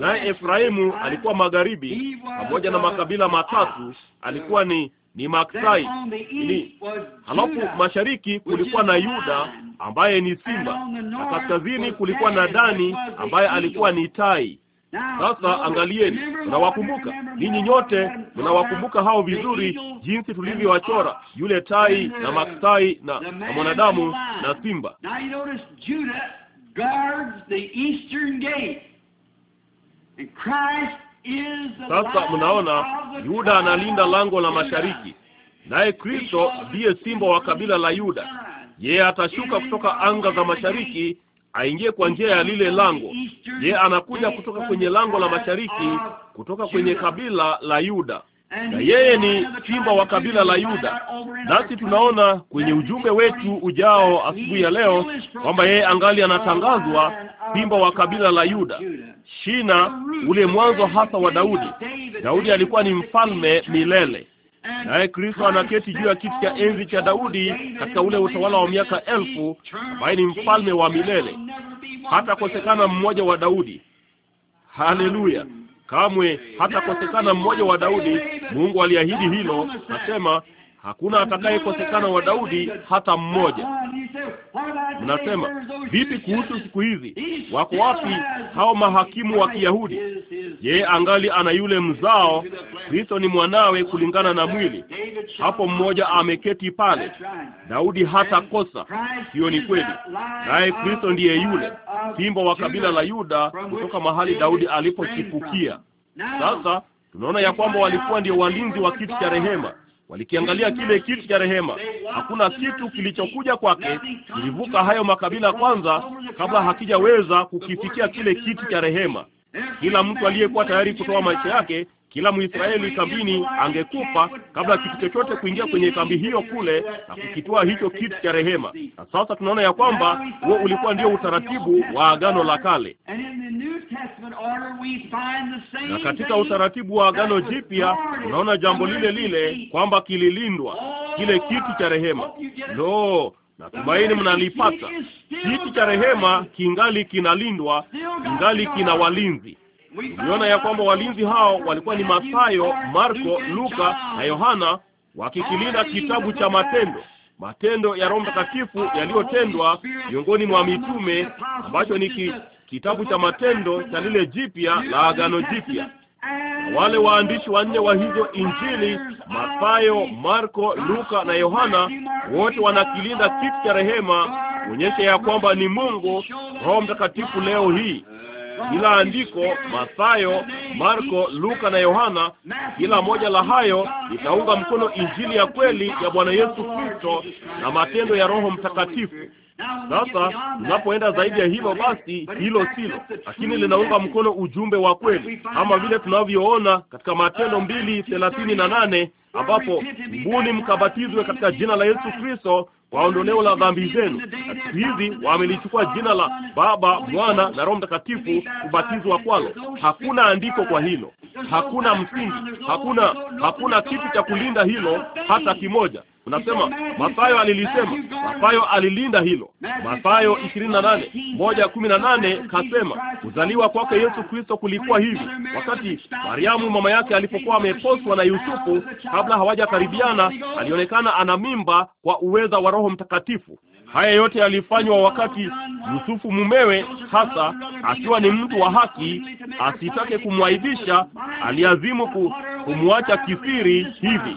naye Efraimu alikuwa magharibi, pamoja na makabila matatu, alikuwa ni ni Maksai ni. Halafu mashariki kulikuwa na Yuda ambaye ni simba, na kaskazini kulikuwa na Dani ambaye alikuwa ni tai. Sasa angalieni, mnawakumbuka ninyi nyote, mnawakumbuka hao vizuri, jinsi tulivyowachora yule tai na maksai na, na mwanadamu na simba. Sasa mnaona Yuda analinda lango la mashariki, naye Kristo ndiye simba wa kabila la Yuda. Yeye atashuka kutoka anga za mashariki aingie kwa njia ya lile lango. ye anakuja kutoka kwenye lango la mashariki, kutoka kwenye kabila la Yuda, na yeye ni simba wa kabila la Yuda. Nasi tunaona kwenye ujumbe wetu ujao asubuhi ya leo kwamba yeye angali anatangazwa simba wa kabila la Yuda, shina ule mwanzo hasa wa Daudi. Daudi alikuwa ni mfalme milele naye Kristo anaketi juu ya kiti cha enzi cha Daudi katika ule utawala wa miaka elfu, ambaye ni mfalme wa milele. Hatakosekana mmoja wa Daudi. Haleluya! Kamwe hatakosekana mmoja wa Daudi. Mungu aliahidi hilo, nasema hakuna atakayekosekana wa Daudi hata mmoja. Mnasema vipi kuhusu siku hizi? Wako wapi hao mahakimu wa Kiyahudi? Je, angali ana yule mzao? Kristo ni mwanawe kulingana na mwili. Hapo mmoja ameketi pale. Daudi hata kosa. Hiyo ni kweli, naye Kristo ndiye yule simba wa kabila la Yuda kutoka mahali Daudi alipochipukia. Sasa tunaona ya kwamba walikuwa ndio walinzi wa kiti cha rehema walikiangalia kile kitu cha rehema. Hakuna kitu kilichokuja kwake kilivuka hayo makabila kwanza, kabla hakijaweza kukifikia kile kitu cha rehema. Kila mtu aliyekuwa tayari kutoa maisha yake kila Mwisraeli kambini angekufa kabla kitu chochote kuingia kwenye kambi hiyo kule na kukitoa hicho kitu cha rehema. Na sasa tunaona ya kwamba huo ulikuwa ndio utaratibu wa Agano la Kale, na katika utaratibu wa Agano Jipya tunaona jambo lile lile kwamba kililindwa kile kitu cha rehema. Lo, natumaini mnalipata kitu cha rehema, kingali kinalindwa, kingali kina walinzi. Uliona ya kwamba walinzi hao walikuwa ni Mathayo, Marko, Luka na Yohana, wakikilinda kitabu cha Matendo, matendo ya Roho Mtakatifu yaliyotendwa miongoni mwa mitume, ambacho ni ki, kitabu cha Matendo cha lile jipya la Agano Jipya. Wale waandishi wanne wa hizo Injili, Mathayo, Marko, Luka na Yohana, wote wanakilinda kitu cha rehema, kuonyesha ya kwamba ni Mungu Roho Mtakatifu leo hii kila andiko Mathayo, Marko, Luka na Yohana, kila moja la hayo litaunga mkono injili ya kweli ya Bwana Yesu Kristo na matendo ya Roho Mtakatifu. Sasa tunapoenda zaidi ya hilo, basi hilo silo, lakini linaunga mkono ujumbe wa kweli, kama vile tunavyoona katika Matendo mbili thelathini na nane ambapo mbuni mkabatizwe katika jina la Yesu Kristo kwa ondoleo la dhambi zenu, na siku hizi wamelichukua jina la Baba, Mwana na Roho Mtakatifu kubatizwa kwalo. Hakuna andiko kwa hilo, hakuna msingi, hakuna hakuna kitu cha kulinda hilo hata kimoja. Unasema Mathayo alilisema, Mathayo alilinda hilo. Mathayo ishirini na nane moja kumi na nane kasema kuzaliwa kwake Yesu Kristo kulikuwa hivi: wakati Mariamu mama yake alipokuwa ameposwa na Yusufu, kabla hawajakaribiana, alionekana ana mimba kwa uweza wa Roho Mtakatifu. Haya yote yalifanywa wakati Yusufu mumewe, hasa akiwa ni mtu wa haki, asitake kumwaibisha, aliazimu kumwacha kifiri hivi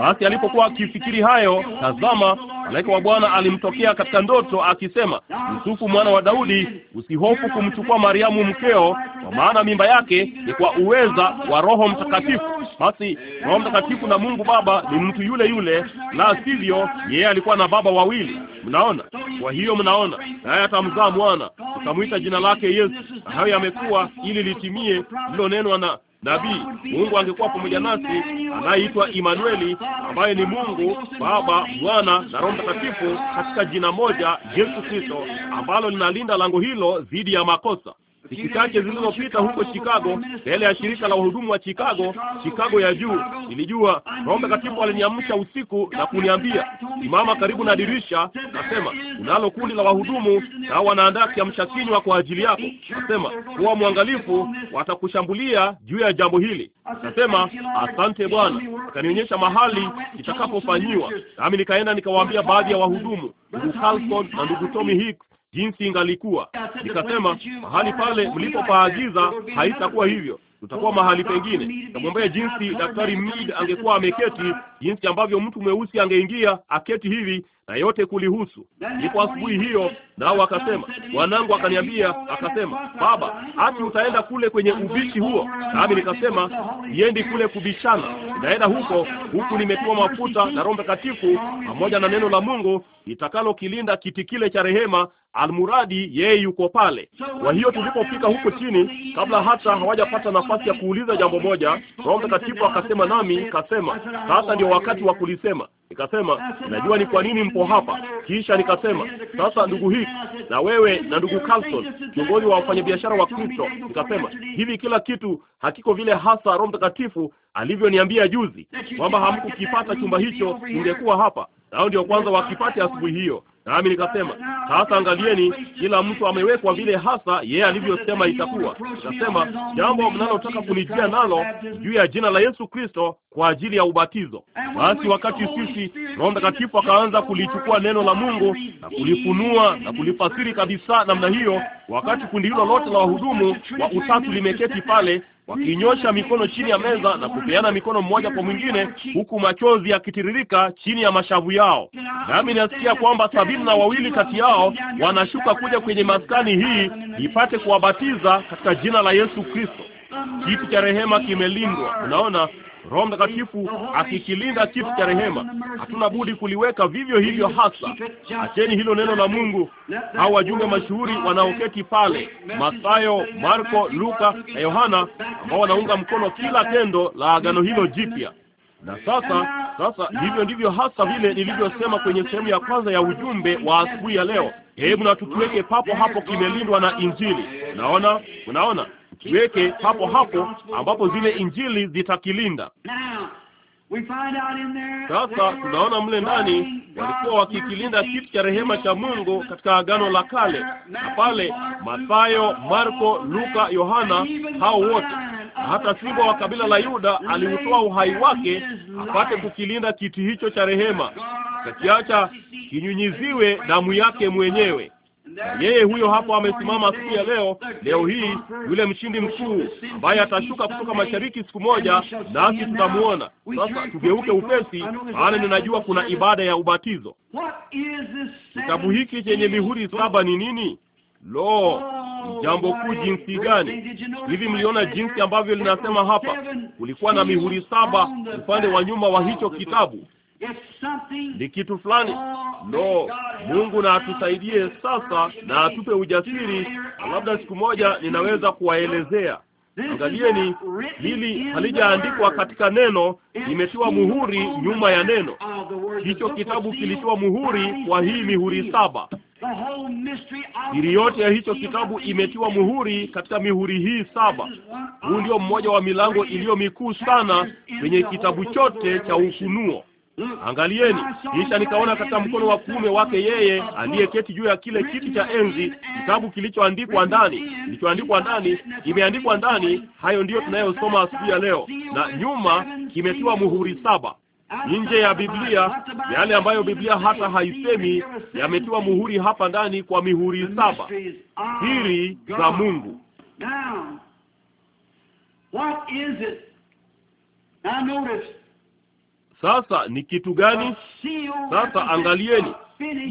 basi alipokuwa akifikiri hayo, tazama, malaika wa Bwana alimtokea katika ndoto akisema, Yusufu mwana wa Daudi, usihofu kumchukua Mariamu mkeo, kwa maana mimba yake ni kwa uweza wa Roho Mtakatifu. Basi Roho Mtakatifu na Mungu Baba ni mtu yule yule, la sivyo yeye alikuwa na baba wawili. Mnaona? Kwa hiyo mnaona, naye atamzaa mwana, utamwita jina lake Yesu, na hayo yamekuwa ili litimie neno na nabii, Mungu angekuwa pamoja nasi, anayeitwa Imanueli, ambaye ni Mungu Baba, Bwana na Roho Mtakatifu katika jina moja, Yesu Kristo, ambalo linalinda lango hilo dhidi ya makosa. Siku chache zilizopita huko Chicago, mbele ya shirika la wahudumu wa Chicago, Chicago ya juu, nilijua Rome katibu aliniamsha usiku na kuniambia, simama karibu na dirisha. Nasema, unalo kundi la wahudumu na wanaandaa kiamsha kinywa kwa ajili yako. Nasema, kuwa mwangalifu, watakushambulia juu ya jambo hili. Nasema, asante Bwana. Akanionyesha mahali kitakapofanyiwa, nami nikaenda nikawaambia baadhi ya wahudumu, ndugu Carlson na ndugu Tommy Hicks jinsi ingalikuwa. Nikasema mahali pale mlipopaagiza haitakuwa hivyo, tutakuwa mahali pengine. Nikamwambia jinsi Daktari Mead angekuwa ameketi, jinsi ambavyo mtu mweusi angeingia aketi hivi na yote kulihusu. Ndipo asubuhi hiyo nao akasema, wanangu akaniambia, akasema, baba, hati utaenda kule kwenye ubichi huo? Nami nikasema niendi kule kubishana naenda huko huku nimetiwa mafuta na Roho Mtakatifu pamoja na neno la Mungu litakalokilinda kiti kile cha rehema almuradi yeye yuko pale. Kwa hiyo tulipofika huko chini, kabla hata hawajapata nafasi ya kuuliza jambo moja, Roho Mtakatifu akasema nami, kasema sasa ndio wakati wa kulisema. Nikasema najua ni kwa nini mpo hapa. Kisha nikasema sasa, ndugu hiki na wewe na ndugu Carlson, kiongozi wa wafanyabiashara wa Kristo, nikasema hivi, kila kitu hakiko vile hasa Roho Mtakatifu alivyoniambia juzi, kwamba hamkukipata chumba hicho, ingekuwa hapa nao ndio kwanza wakipate asubuhi hiyo. Nami nikasema sasa, angalieni, kila mtu amewekwa vile hasa yeye alivyosema itakuwa. Nikasema jambo mnalotaka kunijia nalo juu ya jina la Yesu Kristo kwa ajili ya ubatizo. Basi wakati sisi, Roho Mtakatifu akaanza kulichukua neno la Mungu na kulifunua na kulifasiri kabisa namna hiyo, wakati kundi hilo lote la wahudumu wa utatu limeketi pale wakinyosha mikono chini ya meza na kupeana mikono mmoja kwa mwingine, huku machozi yakitiririka chini ya mashavu yao. Nami nasikia kwamba sabini na wawili kati yao wanashuka kuja kwenye maskani hii ipate kuwabatiza katika jina la Yesu Kristo. Kiti cha rehema kimelindwa. Unaona, Roho Mtakatifu akikilinda kiti cha rehema, hatuna budi kuliweka vivyo hivyo hasa. Acheni hilo neno la Mungu au wajumbe mashuhuri wanaoketi pale, Mathayo, Marko, Luka na Yohana, ambao wanaunga mkono kila tendo la agano hilo jipya. Na sasa sasa, hivyo ndivyo hasa vile nilivyosema kwenye sehemu ya kwanza ya ujumbe wa asubuhi ya leo. Hebu na tukiweke papo hapo, kimelindwa na Injili. Unaona, unaona tuweke hapo hapo ambapo zile injili zitakilinda. Sasa tunaona mle ndani walikuwa wakikilinda kitu cha rehema cha Mungu katika Agano la Kale, na pale Mathayo, Marko, Luka, Yohana, hao wote hata simba wa kabila la Yuda aliutoa uhai wake apate kukilinda kiti hicho cha rehema, kakiacha kinyunyiziwe damu yake mwenyewe yeye huyo hapo amesimama siku ya leo, leo hii, yule mshindi mkuu ambaye atashuka kutoka mashariki siku moja, nasi tutamuona. Sasa tugeuke upesi, maana ninajua kuna ibada ya ubatizo. Kitabu hiki chenye mihuri saba ni nini? Lo, jambo kuu jinsi gani! Hivi mliona jinsi ambavyo linasema hapa, kulikuwa na mihuri saba upande wa nyuma wa hicho kitabu ni kitu fulani. No, Mungu na atusaidie sasa na atupe ujasiri, na labda siku moja ninaweza kuwaelezea. Angalieni, hili halijaandikwa katika neno, limetiwa muhuri nyuma ya neno. Hicho kitabu kilitiwa muhuri kwa hii mihuri saba. Siri yote ya hicho kitabu imetiwa muhuri katika mihuri hii saba. Huu ndio mmoja wa milango iliyo mikuu sana kwenye kitabu chote cha Ufunuo. Hmm? Angalieni, kisha nikaona katika mkono wa kuume wake yeye aliyeketi juu ya kile kiti cha enzi kitabu kilichoandikwa ndani, kilichoandikwa ndani, kimeandikwa ndani. Hayo ndiyo tunayosoma asubuhi ya leo, na nyuma kimetiwa muhuri saba. Nje ya Biblia, yale ambayo Biblia hata haisemi yametiwa muhuri hapa ndani kwa mihuri saba, siri za Mungu. Now, what is it? Now notice sasa ni kitu gani? Sasa angalieni,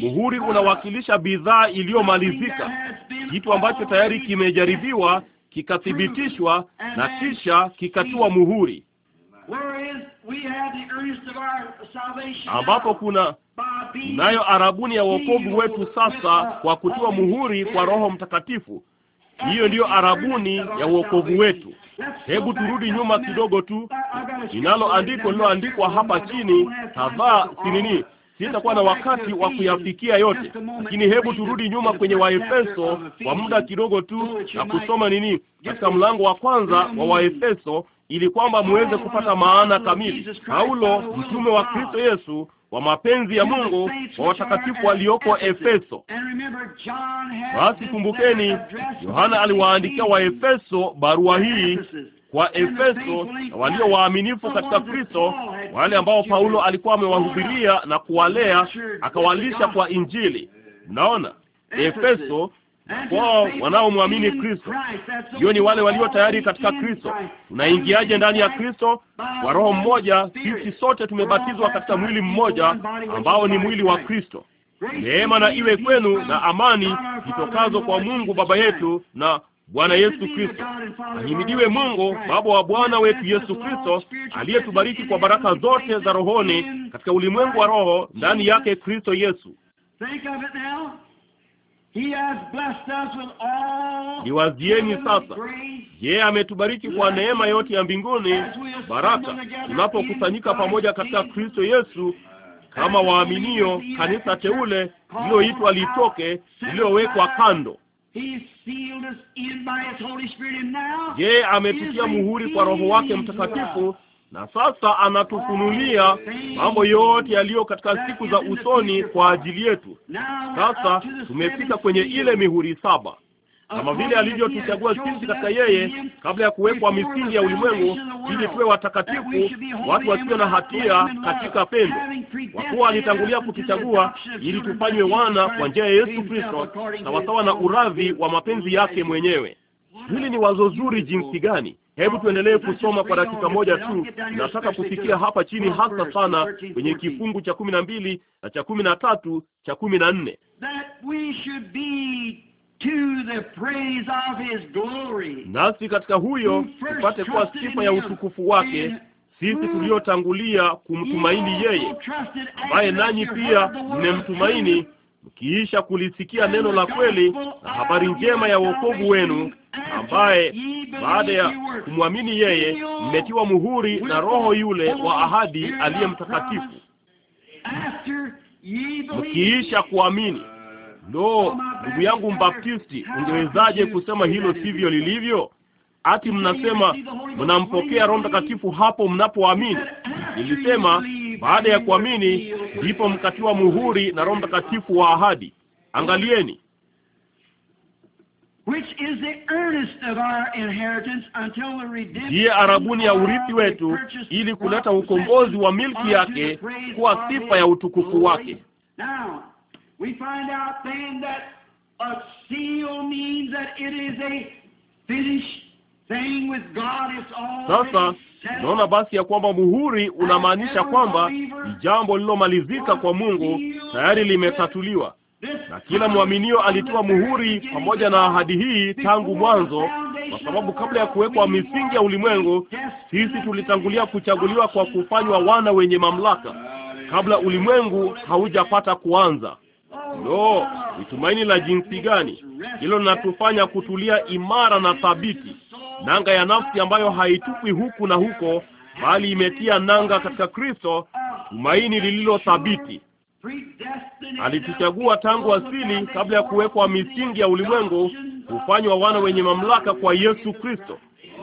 muhuri unawakilisha bidhaa iliyomalizika, kitu ambacho tayari kimejaribiwa, kikathibitishwa na kisha kikatua muhuri, ambapo kuna nayo arabuni ya wokovu wetu sasa kwa kutiwa muhuri kwa Roho Mtakatifu. Hiyo ndiyo arabuni ya wokovu wetu. Hebu turudi nyuma kidogo tu, ninalo andiko lililoandikwa hapa chini kadhaa sinini sitakuwa na wakati wa kuyafikia yote, lakini hebu turudi nyuma kwenye Waefeso kwa muda kidogo tu na kusoma nini katika mlango wa kwanza wa Waefeso ili kwamba muweze kupata maana kamili. Paulo mtume wa Kristo Yesu wa mapenzi ya Mungu wa watakatifu walioko Efeso. Basi kumbukeni, Yohana aliwaandikia Waefeso barua hii kwa Efeso na walio waaminifu katika Kristo, wale ambao Paulo alikuwa amewahubiria na kuwalea akawalisha kwa Injili. Mnaona, Efeso kwao wanaomwamini Kristo. Hiyo ni wale walio tayari katika Kristo. Tunaingiaje ndani ya Kristo? Kwa roho mmoja, sisi sote tumebatizwa katika mwili mmoja ambao ni mwili wa Kristo. Neema na iwe kwenu na amani zitokazo kwa Mungu Baba yetu na Bwana Yesu Kristo. Ahimidiwe Mungu Baba wa Bwana wetu Yesu Kristo, aliyetubariki kwa baraka zote za rohoni katika ulimwengu wa roho ndani yake Kristo Yesu. Niwazieni sasa, yeye ametubariki kwa neema yote ya mbinguni, baraka tunapokusanyika pamoja katika Kristo Yesu kama waaminio, kanisa teule lililoitwa litoke, lililowekwa kando. Yeye ametutia muhuri kwa Roho wake Mtakatifu na sasa anatufunulia mambo yote yaliyo katika siku za usoni kwa ajili yetu. Sasa tumefika kwenye ile mihuri saba, kama vile alivyotuchagua sisi katika yeye kabla ya kuwekwa misingi ya ulimwengu, ili tuwe watakatifu, watu wasio na hatia katika pendo, kwa kuwa alitangulia kutuchagua ili tufanywe wana kwa njia ya Yesu Kristo, sawasawa na uradhi wa mapenzi yake mwenyewe. Hili ni wazo zuri jinsi gani! Hebu tuendelee kusoma kwa dakika moja tu. Nataka kufikia hapa chini hasa sana kwenye kifungu cha kumi na mbili na cha kumi na tatu cha kumi na nne nasi katika huyo tupate kuwa sifa ya utukufu wake sisi tuliyotangulia kumtumaini yeye, ambaye nanyi pia mmemtumaini mkiisha kulisikia neno la kweli na habari njema ya wokovu wenu, ambaye baada ya kumwamini yeye mmetiwa muhuri na Roho yule wa ahadi aliye mtakatifu. Mkiisha kuamini. Ndoo, ndugu yangu Mbaptisti, ungewezaje kusema hilo sivyo lilivyo? Ati mnasema mnampokea Roho Mtakatifu hapo mnapoamini. Nilisema baada ya kuamini ndipo mkatiwa muhuri na Roho Mtakatifu wa ahadi. Angalieni, ndiye arabuni ya urithi wetu, ili kuleta ukombozi wa milki yake kuwa sifa ya utukufu wake. Sasa Unaona basi ya kwamba muhuri unamaanisha kwamba ni jambo lililomalizika kwa Mungu, tayari limetatuliwa, na kila mwaminio alitoa muhuri pamoja na ahadi hii tangu mwanzo, kwa sababu kabla ya kuwekwa misingi ya ulimwengu, sisi tulitangulia kuchaguliwa kwa kufanywa wana wenye mamlaka, kabla ulimwengu haujapata kuanza. Lo, ni tumaini la jinsi gani hilo linatufanya kutulia imara na thabiti, nanga ya nafsi ambayo haitupwi huku na huko, bali imetia nanga katika Kristo, tumaini lililo thabiti. Alituchagua tangu asili, kabla ya kuwekwa misingi ya ulimwengu, kufanywa wana wenye mamlaka kwa Yesu Kristo.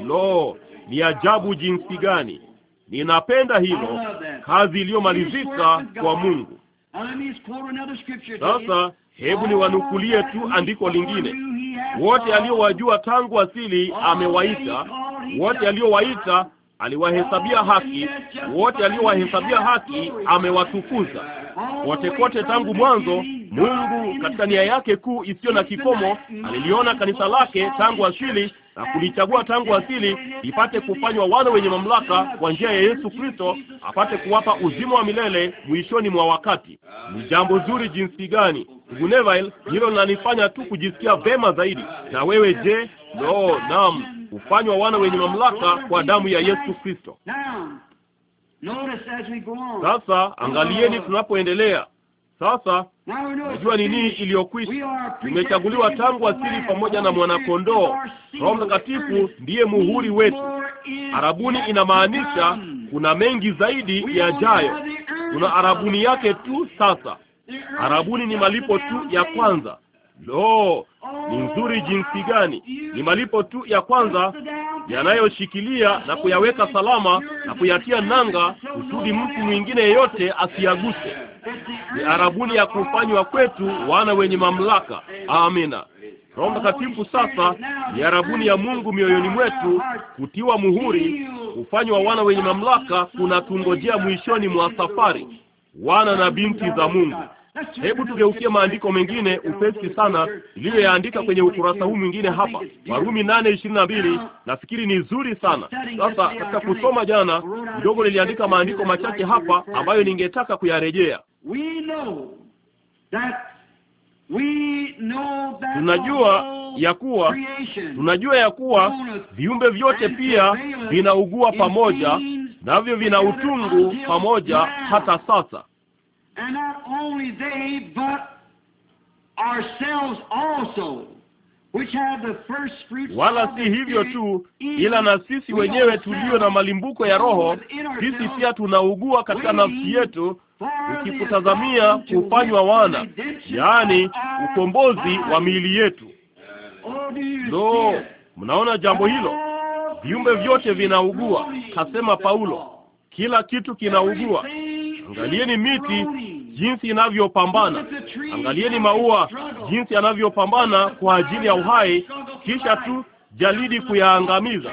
Lo, ni ajabu jinsi gani! Ninapenda hilo, kazi iliyomalizika kwa Mungu. Sasa hebu niwanukulie tu andiko lingine: wote aliowajua tangu asili amewaita, wote aliowaita aliwahesabia haki, wote aliowahesabia haki amewatukuza. Kote kote tangu mwanzo, Mungu katika nia yake kuu isiyo na kikomo aliliona kanisa lake tangu asili na kulichagua tangu asili lipate kufanywa wana wenye mamlaka kwa njia ya Yesu Kristo, apate kuwapa uzima wa milele mwishoni mwa wakati. Ni jambo zuri jinsi gani, ndugu Neville! Hilo linanifanya tu kujisikia vema zaidi. Na wewe je? No, naam, hufanywa wana wenye mamlaka kwa damu ya Yesu Kristo. Sasa angalieni tunapoendelea sasa najua ni nini iliyokwisha. Tumechaguliwa tangu asili pamoja na mwanakondoo. Roho Mtakatifu ndiye muhuri wetu. Arabuni inamaanisha kuna mengi zaidi yajayo, kuna arabuni yake tu. Sasa arabuni ni oh, malipo tu ya kwanza. Lo, ni nzuri jinsi gani! Ni malipo tu ya kwanza yanayoshikilia na kuyaweka salama na kuyatia nanga, kusudi mtu mwingine yeyote asiaguse ni arabuni ya kufanywa kwetu wana wenye mamlaka. Amina. Roho Mtakatifu sasa ni arabuni ya Mungu mioyoni mwetu, kutiwa muhuri, kufanywa wana wenye mamlaka, kunatungojea mwishoni mwa safari, wana na binti za Mungu. Hebu tugeukie maandiko mengine upesi sana iliyoyaandika kwenye ukurasa huu mwingine hapa, Warumi nane ishirini na mbili. Nafikiri ni zuri sana. Sasa katika kusoma jana kidogo niliandika maandiko machache hapa ambayo ningetaka kuyarejea tunajua ya kuwa tunajua ya kuwa viumbe vyote pia vinaugua pamoja, navyo vina utungu pamoja hata sasa, wala si hivyo tu, ila na sisi wenyewe tulio na malimbuko ya Roho, sisi pia tunaugua katika nafsi yetu, ukikutazamia kufanywa wana, yaani ukombozi wa miili yetu. no, oh, mnaona jambo hilo, viumbe vyote vinaugua, kasema Paulo, kila kitu kinaugua. Angalieni miti jinsi inavyopambana. Angalieni maua jinsi yanavyopambana kwa ajili ya uhai, kisha tu jalidi kuyaangamiza.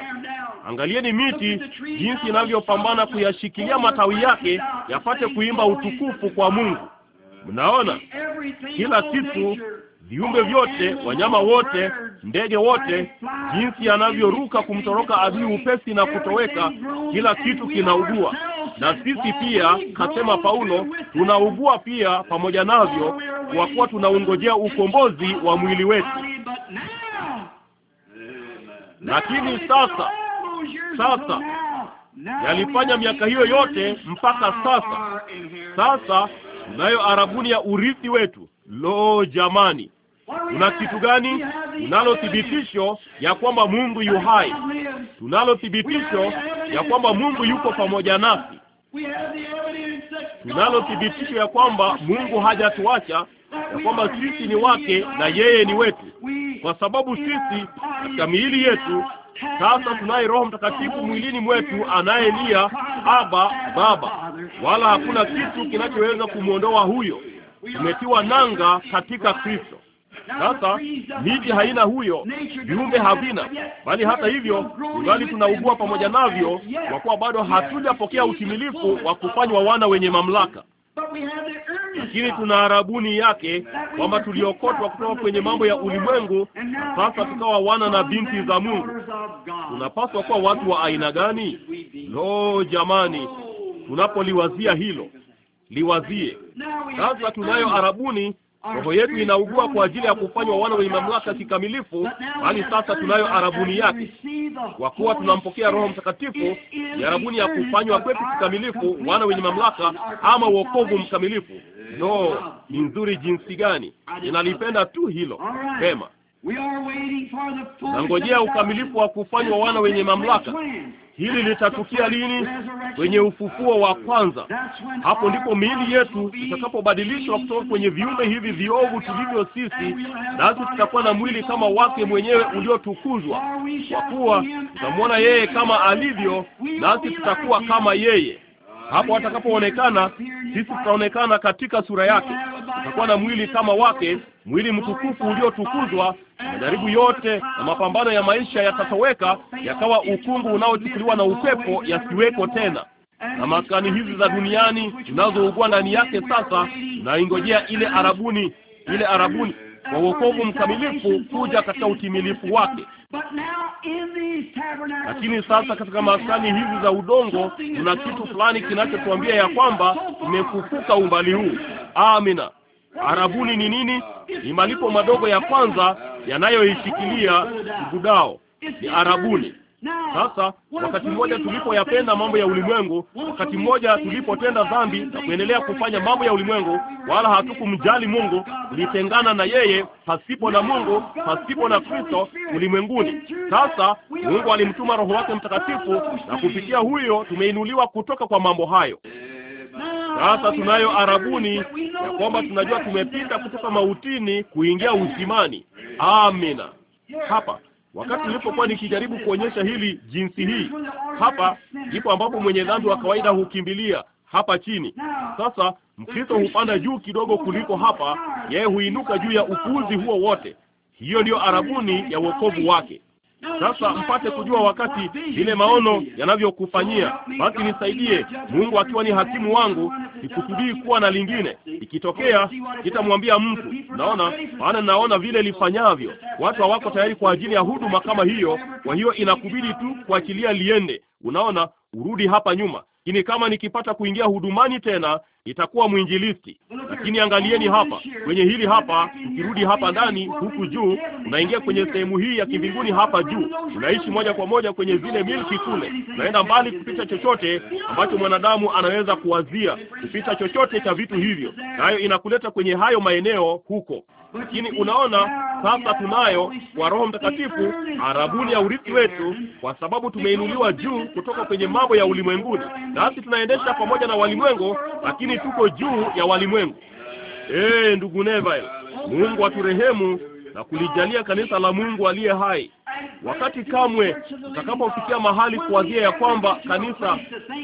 Angalieni miti jinsi inavyopambana kuyashikilia matawi yake yapate kuimba utukufu kwa Mungu. Mnaona, kila kitu viumbe vyote, wanyama wote, ndege wote, jinsi yanavyoruka kumtoroka adui upesi na kutoweka. Kila kitu kinaugua na sisi pia, kasema Paulo, tunaugua pia pamoja navyo, kwa kuwa tunaungojea ukombozi wa mwili wetu. Lakini sasa, sasa yalifanya miaka hiyo yote mpaka sasa. Sasa tunayo arabuni ya urithi wetu. Lo, jamani, tuna kitu gani? Tunalo thibitisho ya kwamba Mungu yu hai, tunalo thibitisho ya kwamba Mungu yuko pamoja nasi, tunalo thibitisho ya kwamba Mungu hajatuacha, ya kwamba sisi ni wake na yeye ni wetu, kwa sababu sisi katika miili yetu sasa tunaye Roho Mtakatifu mwilini mwetu anayelia Aba, Baba, wala hakuna kitu kinachoweza kumwondoa huyo. Tumetiwa nanga katika Kristo. Sasa miti haina huyo, viumbe havina, bali hata hivyo tungali tunaugua pamoja navyo, kwa kuwa bado hatujapokea utimilifu wa kufanywa wana wenye mamlaka lakini tuna arabuni yake kwamba tuliokotwa kutoka kwenye mambo ya ulimwengu, na sasa tukawa wana na binti za Mungu. Tunapaswa kuwa watu wa aina gani? Lo, jamani, tunapoliwazia hilo liwazie sasa. Tunayo arabuni Roho yetu inaugua kwa ajili ya kufanywa wana wenye mamlaka kikamilifu, bali sasa tunayo arabuni yake, kwa kuwa tunampokea Roho Mtakatifu. Ni arabuni ya kufanywa kwetu kikamilifu wana wenye mamlaka, ama wokovu mkamilifu. No, ni nzuri jinsi gani! Ninalipenda tu hilo. Pema, nangojea ukamilifu wa kufanywa wana wenye mamlaka hili litatukia lini? Kwenye ufufuo wa kwanza. Hapo ndipo miili yetu itakapobadilishwa kutoka kwenye viumbe hivi viovu tulivyo sisi, nasi tutakuwa na mwili kama wake mwenyewe uliotukuzwa, kwa kuwa tutamwona yeye kama alivyo, nasi tutakuwa kama yeye. Hapo atakapoonekana, sisi tutaonekana katika sura yake. Tutakuwa na mwili kama wake, mwili mtukufu uliotukuzwa Majaribu yote na mapambano ya maisha yatatoweka, yakawa ukungu unaochukuliwa na upepo, yasiweko tena. Na maskani hizi za duniani zinazougua ndani yake sasa, ingojea ile arabuni, ile arabuni kwa wokovu mkamilifu kuja katika utimilifu wake. Lakini sasa katika maskani hizi za udongo kuna kitu fulani kinachotuambia ya kwamba imefufuka umbali huu. Amina. Arabuni ni nini? Ni malipo madogo ya kwanza yanayoishikilia mgudao, ni arabuni. Sasa wakati mmoja tulipoyapenda mambo ya ulimwengu, wakati mmoja tulipotenda dhambi na kuendelea kufanya mambo ya ulimwengu, wala hatukumjali Mungu, tulitengana na yeye, pasipo na Mungu, pasipo na Kristo ulimwenguni. Sasa Mungu alimtuma Roho wake Mtakatifu, na kupitia huyo tumeinuliwa kutoka kwa mambo hayo. Sasa tunayo arabuni ya kwamba tunajua tumepita kutoka mautini kuingia uzimani. Amina. Hapa wakati nilipokuwa nikijaribu kuonyesha hili jinsi hii, hapa ndipo ambapo mwenye dhambi wa kawaida hukimbilia hapa chini. Sasa Mkristo hupanda juu kidogo kuliko hapa, yeye huinuka juu ya upuzi huo wote. Hiyo ndiyo arabuni ya wokovu wake. Sasa mpate kujua wakati ile maono yanavyokufanyia. Basi nisaidie Mungu, akiwa ni hakimu wangu, nikusudii kuwa na lingine. Ikitokea nitamwambia mtu, naona, maana naona vile lifanyavyo. Watu hawako tayari kwa ajili ya huduma kama hiyo, kwa hiyo inakubidi tu kuachilia liende. Unaona, urudi hapa nyuma. Lakini kama nikipata kuingia hudumani tena, itakuwa mwinjilisti. Lakini angalieni hapa kwenye hili hapa, ukirudi hapa ndani huku juu, unaingia kwenye sehemu hii ya kimbinguni hapa juu, unaishi moja kwa moja kwenye zile milki kule, unaenda mbali kupita chochote ambacho mwanadamu anaweza kuwazia, kupita chochote cha vitu hivyo, nayo inakuleta kwenye hayo maeneo huko. Lakini unaona sasa tunayo kwa Roho Mtakatifu arabuni ya urithi wetu, kwa sababu tumeinuliwa juu kutoka kwenye mambo ya ulimwenguni, nasi tunaendesha pamoja na walimwengu, lakini tuko juu ya walimwengu. Ee ndugu Neville, Mungu aturehemu na kulijalia kanisa la Mungu aliye hai. Wakati kamwe utakapofikia mahali kuwazia ya kwamba kanisa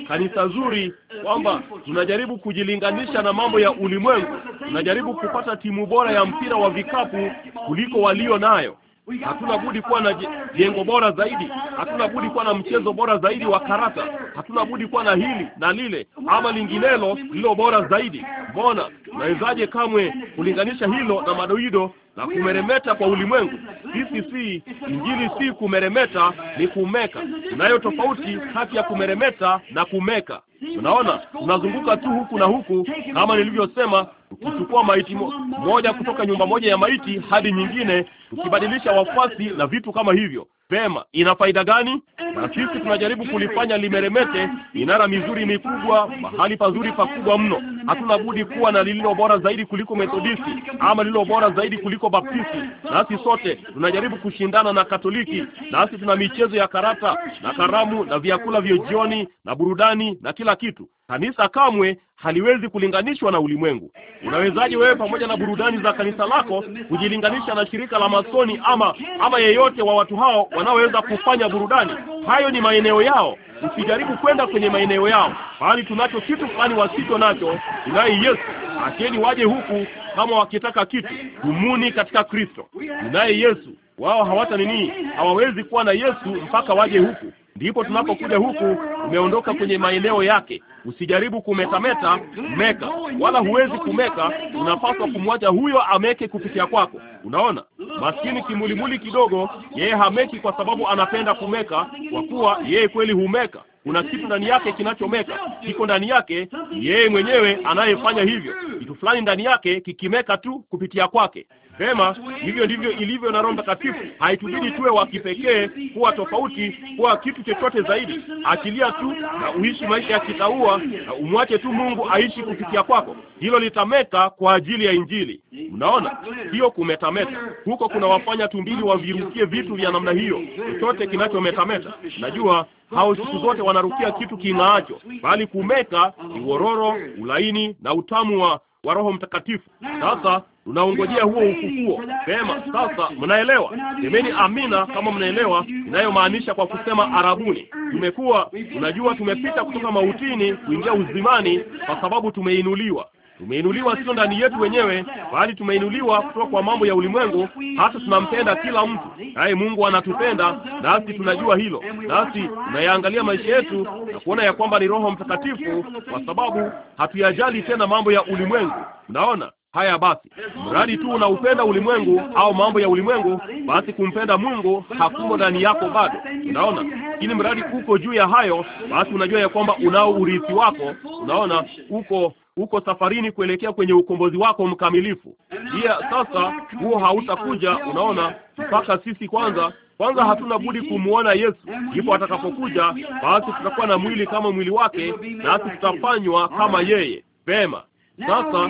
kanisa zuri, kwamba tunajaribu kujilinganisha na mambo ya ulimwengu, tunajaribu kupata timu bora ya mpira wa vikapu kuliko walio nayo hatuna budi kuwa na jengo bora zaidi, hatuna budi kuwa na mchezo bora zaidi wa karata, hatuna budi kuwa na hili na lile ama linginelo lilo bora zaidi. Mbona unawezaje kamwe kulinganisha hilo na madoido na kumeremeta kwa ulimwengu. Sisi si injili, si kumeremeta, ni kumeka. Tunayo tofauti kati ya kumeremeta na kumeka. Unaona, tunazunguka tu huku na huku, kama nilivyosema, ukichukua maiti mo, moja kutoka nyumba moja ya maiti hadi nyingine, ukibadilisha wafuasi na vitu kama hivyo. Vema, ina faida gani? Na sisi tunajaribu kulifanya limeremete, minara mizuri mikubwa, mahali pazuri pakubwa mno. Hatuna budi kuwa na lililo bora zaidi kuliko Methodisti ama lililo bora zaidi kuliko Baptisti. Nasi sote tunajaribu kushindana na Katoliki, nasi tuna michezo ya karata na karamu na vyakula vya jioni na burudani na kila kitu. Kanisa kamwe haliwezi kulinganishwa na ulimwengu. Unawezaje wewe pamoja na burudani za kanisa lako kujilinganisha na shirika la Masoni ama ama yeyote wa watu hao wanaoweza kufanya burudani? Hayo ni maeneo yao. Usijaribu kwenda kwenye maeneo yao, bali tunacho kitu fulani wasicho nacho, tunaye Yesu. Acheni waje huku kama wakitaka kitu. Dumuni katika Kristo, tunaye Yesu. Wao hawata nini, hawawezi kuwa na Yesu mpaka waje huku. Ndipo tunapokuja huku, umeondoka kwenye maeneo yake. Usijaribu kumetameta meka, wala huwezi kumeka. Unapaswa kumwacha huyo ameke kupitia kwako. Unaona, maskini kimulimuli kidogo, yeye hameki kwa sababu anapenda kumeka, kwa kuwa yeye kweli humeka. Kuna kitu ndani yake kinachomeka, kiko ndani yake, yeye mwenyewe anayefanya hivyo. Kitu fulani ndani yake kikimeka tu kupitia kwake. Vema, hivyo ndivyo ilivyo na Roho Mtakatifu. Haitubidi tuwe wa kipekee, kuwa tofauti, kuwa kitu chochote zaidi. Achilia tu na uishi maisha ya kitaua, na umwache tu Mungu aishi kupitia kwako. Hilo litameta kwa ajili ya Injili. Mnaona, hiyo kumetameta huko kuna wafanya tumbili wavirukie vitu vya namna hiyo, chochote kinachometameta. Najua hao siku zote wanarukia kitu king'aacho, bali kumeta ni uororo, ulaini na utamu wa wa Roho Mtakatifu. Sasa tunaongojea huo ufufuo. Pema, sasa mnaelewa. Semeni amina kama mnaelewa inayomaanisha kwa kusema arabuni. Tumekuwa unajua, tumepita kutoka mautini kuingia uzimani kwa sababu tumeinuliwa tumeinuliwa sio ndani yetu wenyewe, bali tumeinuliwa kutoka kwa mambo ya ulimwengu, hata tunampenda kila mtu, naye Mungu anatupenda nasi tunajua hilo, nasi tunayaangalia maisha yetu na kuona ya kwamba ni Roho Mtakatifu, kwa sababu hatuyajali tena mambo ya ulimwengu. mnaona Haya basi, mradi tu unaupenda ulimwengu au mambo ya ulimwengu, basi kumpenda Mungu hakumo ndani yako bado. Unaona, ili mradi uko juu ya hayo, basi unajua ya kwamba unao urithi wako. Unaona, uko uko safarini kuelekea kwenye ukombozi wako mkamilifu. Pia sasa huo hautakuja, unaona, mpaka sisi kwanza kwanza hatuna budi kumwona Yesu, ndipo atakapokuja, basi tutakuwa na mwili kama mwili wake, nasi tutafanywa kama yeye. Vema, sasa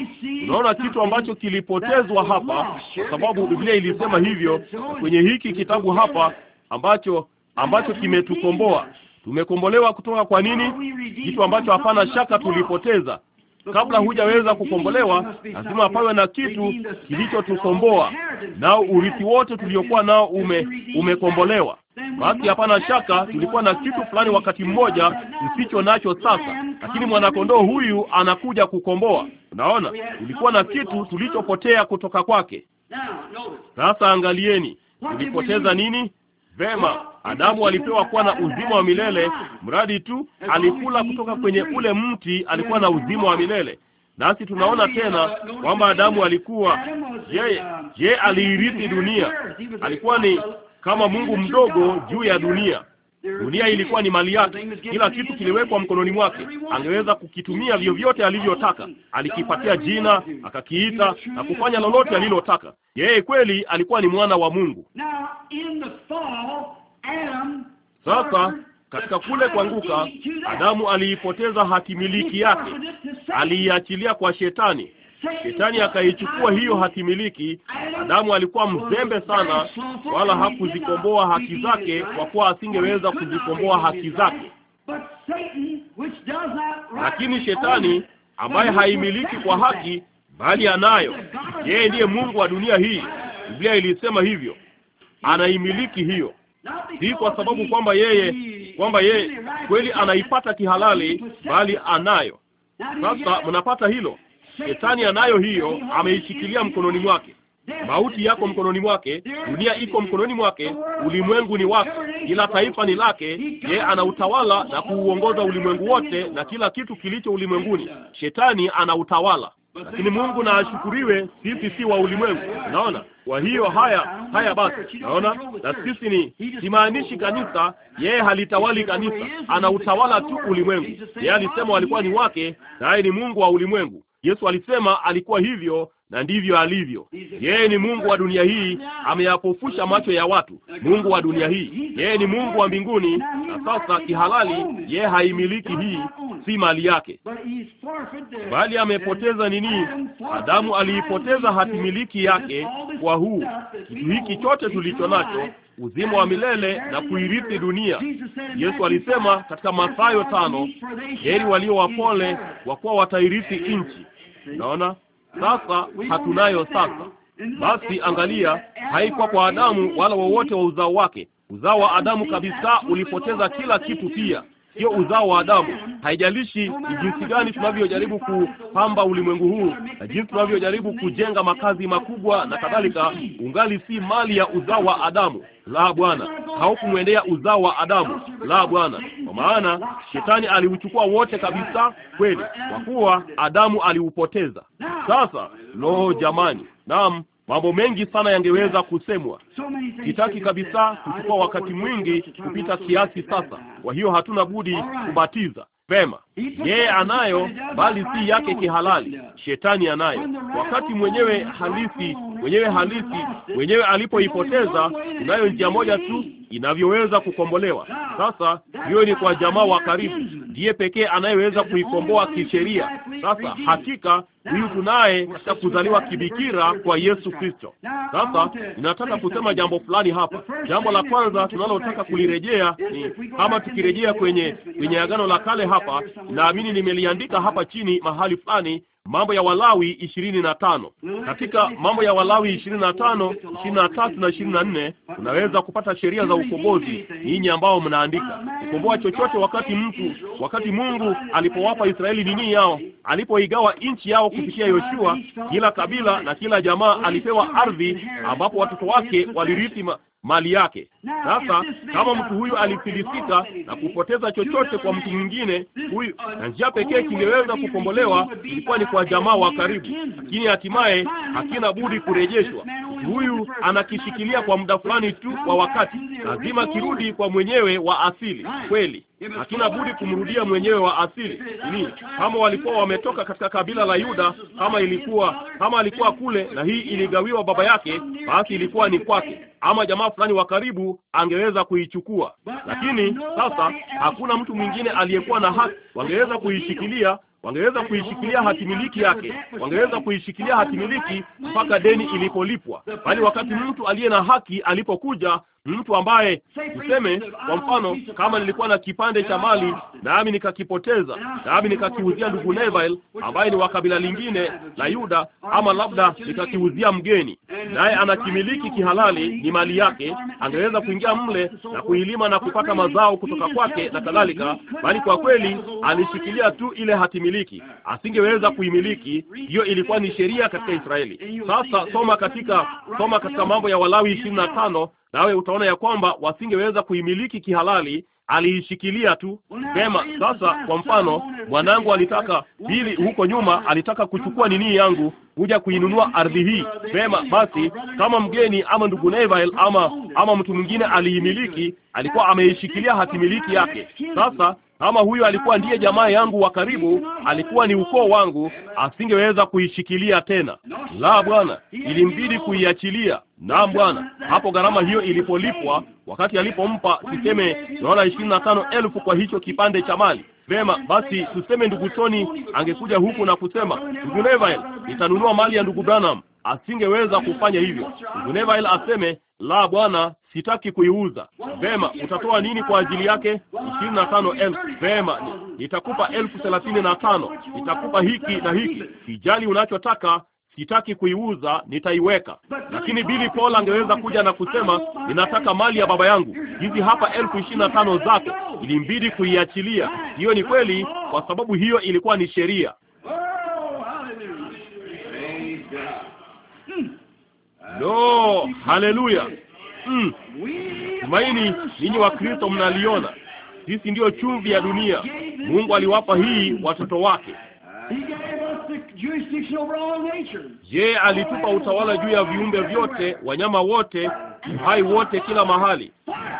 unaona kitu ambacho kilipotezwa hapa, kwa sababu Biblia ilisema hivyo kwenye hiki kitabu hapa ambacho ambacho kimetukomboa. Tumekombolewa kutoka kwa nini? Kitu ambacho hapana shaka tulipoteza. Kabla hujaweza kukombolewa, lazima pawe na kitu kilichotukomboa, nao urithi wote tuliokuwa nao ume- umekombolewa. Basi hapana shaka tulikuwa na kitu fulani wakati mmoja msicho nacho sasa, lakini mwanakondoo huyu anakuja kukomboa. Unaona, tulikuwa na kitu tulichopotea kutoka kwake. Sasa angalieni, tulipoteza nini? Vema, Adamu alipewa kuwa na uzima wa milele mradi tu alikula kutoka kwenye ule mti, alikuwa na uzima wa milele. Nasi tunaona tena kwamba Adamu alikuwa yeye, je, aliirithi dunia? Alikuwa ni kama Mungu mdogo juu ya dunia. Dunia ilikuwa ni mali yake, kila kitu kiliwekwa mkononi mwake. Angeweza kukitumia vyovyote alivyotaka, alikipatia jina, akakiita na kufanya lolote alilotaka. Yeye kweli alikuwa ni mwana wa Mungu. Sasa katika kule kuanguka, Adamu aliipoteza haki miliki yake, aliiachilia kwa Shetani. Shetani akaichukua hiyo hakimiliki Adamu alikuwa mzembe sana, wala hakuzikomboa haki zake, kwa kuwa asingeweza kuzikomboa haki zake. Lakini shetani ambaye haimiliki kwa haki, bali anayo yeye, ndiye Mungu wa dunia hii. Biblia ilisema hivyo, anaimiliki hiyo, si kwa sababu kwamba yeye kwamba yeye kweli anaipata kihalali, bali anayo. Sasa mnapata hilo? Shetani anayo hiyo, ameishikilia mkononi mwake. Mauti yako mkononi mwake, dunia iko mkononi mwake, ulimwengu ni wake, kila taifa ni lake. ana anautawala na kuuongoza ulimwengu wote na kila kitu kilicho ulimwenguni. Shetani anautawala, lakini Mungu na ashukuriwe, sisi si wa ulimwengu. Unaona? Kwa hiyo haya haya basi, naona na sisi ni simaanishi kanisa. Yeye halitawali kanisa, anautawala tu ulimwengu. Yeye alisema walikuwa ni wake, naye ni Mungu wa ulimwengu. Yesu alisema alikuwa hivyo na ndivyo alivyo. Yeye ni Mungu wa dunia hii, ameyapofusha macho ya watu. Mungu wa dunia hii, yeye ni Mungu wa mbinguni. Na sasa kihalali, yeye haimiliki hii, si mali yake, bali amepoteza nini? Adamu aliipoteza hatimiliki yake kwa huu kitu hiki chote tulicho nacho, uzima wa milele na kuirithi dunia. Yesu alisema katika Mathayo tano, heri walio wapole, kwa kuwa watairithi nchi. Naona sasa hatunayo sasa. Basi angalia, haikuwa kwa Adamu wala wowote wa uzao wake. Uzao wa Adamu kabisa ulipoteza kila kitu pia sio uzao wa Adamu. Haijalishi ni jinsi gani tunavyojaribu kupamba ulimwengu huu na jinsi tunavyojaribu kujenga makazi makubwa na kadhalika, ungali si mali ya uzao wa Adamu. La, Bwana, haukumwendea uzao wa Adamu. La, Bwana, kwa maana shetani aliuchukua wote kabisa, kweli, kwa kuwa Adamu aliupoteza. Sasa, lo, jamani, naam Mambo mengi sana yangeweza kusemwa. Sitaki kabisa kuchukua wakati mwingi kupita kiasi sasa. Uh, Kwa hiyo hatuna budi kubatiza. Vema, yeye anayo, bali si yake kihalali. Shetani anayo, wakati mwenyewe halisi mwenyewe halisi, mwenyewe alipoipoteza. kunayo njia moja tu inavyoweza kukombolewa. Sasa hiyo ni kwa jamaa wa karibu, ndiye pekee anayeweza kuikomboa kisheria. Sasa hakika huyu tunaye katika kuzaliwa kibikira kwa Yesu Kristo. Sasa ninataka kusema jambo fulani hapa. Jambo la kwanza tunalotaka kulirejea ni kama tukirejea kwenye kwenye agano la kale hapa, naamini nimeliandika hapa chini mahali fulani Mambo ya Walawi ishirini na tano. Katika Mambo ya Walawi ishirini na tano, ishirini na tatu na ishirini na nne unaweza kupata sheria za ukombozi, ninyi ambao mnaandika kukomboa chochote wakati mtu, wakati Mungu alipowapa Israeli ninyi yao, alipoigawa nchi yao kupitia Yoshua, kila kabila na kila jamaa alipewa ardhi ambapo watoto wake walirithi mali yake. Sasa kama mtu huyu alifilisika na kupoteza chochote kwa mtu mwingine huyu, na njia pekee kingeweza kukombolewa ilikuwa ni kwa jamaa wa karibu, lakini hatimaye hakina budi kurejeshwa. Mtu huyu anakishikilia kwa muda fulani tu kwa wakati, lazima kirudi kwa mwenyewe wa asili. Kweli hatuna budi kumrudia mwenyewe wa asili. Ni kama walikuwa wametoka katika kabila la Yuda, kama ilikuwa kama alikuwa kule na hii iligawiwa baba yake, basi ilikuwa ni kwake, ama jamaa fulani wa karibu angeweza kuichukua. Lakini sasa hakuna mtu mwingine aliyekuwa na haki, wangeweza kuishikilia wangeweza kuishikilia hatimiliki yake, wangeweza kuishikilia hatimiliki mpaka deni ilipolipwa. Bali wakati mtu aliye na haki alipokuja, mtu ambaye tuseme, kwa mfano, kama nilikuwa na kipande cha mali nami nikakipoteza, nami nikakiuzia ndugu Neville ambaye ni wa kabila lingine la Yuda, ama labda nikakiuzia mgeni, naye anakimiliki kihalali, ni mali yake, angeweza kuingia mle na kuilima na kupata mazao kutoka kwake na kadhalika, bali kwa kweli alishikilia tu ile hatimiliki, asingeweza kuimiliki. Hiyo ilikuwa ni sheria katika Israeli. Sasa soma katika soma katika Mambo ya Walawi ishirini na tano nawe utaona ya kwamba wasingeweza kuimiliki kihalali, aliishikilia tu. Vema, sasa kwa mfano, mwanangu alitaka bili huko nyuma, alitaka kuchukua nini yangu kuja kuinunua ardhi hii. Vema, basi kama mgeni ama ndugu Neville ama ama mtu mwingine aliimiliki, alikuwa ameishikilia hatimiliki yake. Sasa kama huyo alikuwa ndiye jamaa yangu wa karibu, alikuwa ni ukoo wangu, asingeweza kuishikilia tena. La, bwana, ilimbidi kuiachilia. Naam Bwana, hapo gharama hiyo ilipolipwa, wakati alipompa tuseme dola ishirini na tano elfu kwa hicho kipande cha mali. Vema basi, tuseme ndugu Tony angekuja huku na kusema, ndugu Neville, nitanunua mali ya ndugu Branham, asingeweza kufanya hivyo. Ndugu Neville aseme, la bwana, sitaki kuiuza. Vema, utatoa nini kwa ajili yake? ishirini na tano elfu. Vema, nitakupa elfu thelathini na tano, nitakupa hiki na hiki, kijali unachotaka sitaki kuiuza, nitaiweka. Lakini Billy Paul angeweza kuja na kusema, ninataka mali ya baba yangu, hizi hapa elfu ishirini na tano zake Ilimbidi kuiachilia. Hiyo ni kweli, kwa sababu hiyo ilikuwa ni sheria. Lo, haleluya! Mm. ninyi wa Kristo mnaliona, sisi ndiyo chumvi ya dunia. Mungu aliwapa hii watoto wake Je, alitupa utawala juu ya viumbe vyote, wanyama wote, uhai wote, kila mahali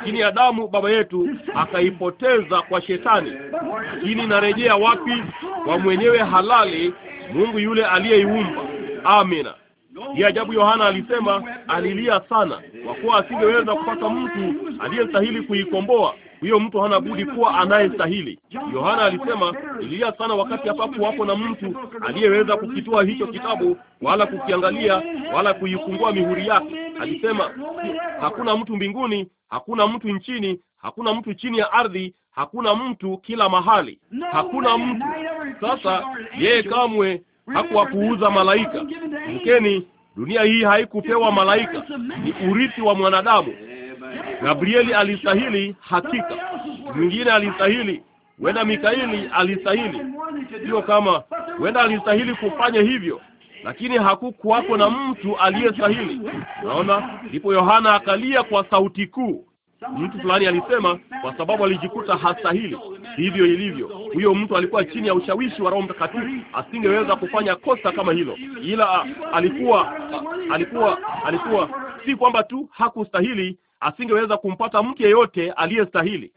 chini ya damu baba yetu, akaipoteza kwa Shetani. Lakini narejea wapi? Kwa mwenyewe halali, Mungu yule aliyeiumba. Amina. Ni ajabu, Yohana alisema, alilia sana, kwa kuwa asingeweza kupata mtu aliyestahili kuikomboa huyo mtu hana budi kuwa anayestahili. Yohana alisema, ilia sana wakati hapapo wapo na mtu aliyeweza kukitoa hicho kitabu, wala kukiangalia, wala kuifungua mihuri yake. Alisema, hakuna mtu mbinguni, hakuna mtu nchini, hakuna mtu chini ya ardhi, hakuna mtu kila mahali, hakuna mtu. Sasa yeye kamwe hakuwapuuza malaika. Mkeni, dunia hii haikupewa malaika, ni urithi wa mwanadamu. Gabrieli alistahili, hakika. Mwingine alistahili, huenda Mikaeli alistahili, sio kama huenda alistahili kufanya hivyo, lakini hakukuwako na mtu aliyestahili. Naona ndipo Yohana akalia kwa sauti kuu. Mtu fulani alisema kwa sababu alijikuta hastahili. Hivyo ilivyo, huyo mtu alikuwa chini ya ushawishi wa Roho Mtakatifu, asingeweza kufanya kosa kama hilo, ila ah, alikuwa ah, alikuwa alikuwa, si kwamba tu hakustahili, asingeweza kumpata mtu yeyote aliyestahili.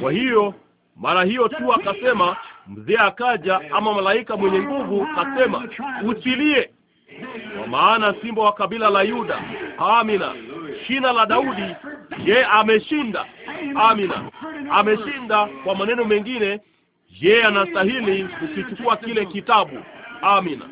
Kwa hiyo mara hiyo tu akasema, mzee akaja, ama malaika mwenye nguvu akasema, usilie, kwa maana simba wa kabila la Yuda, amina, shina la Daudi, ye ameshinda, amina, ameshinda. Kwa maneno mengine, ye anastahili kukichukua kile kitabu, amina.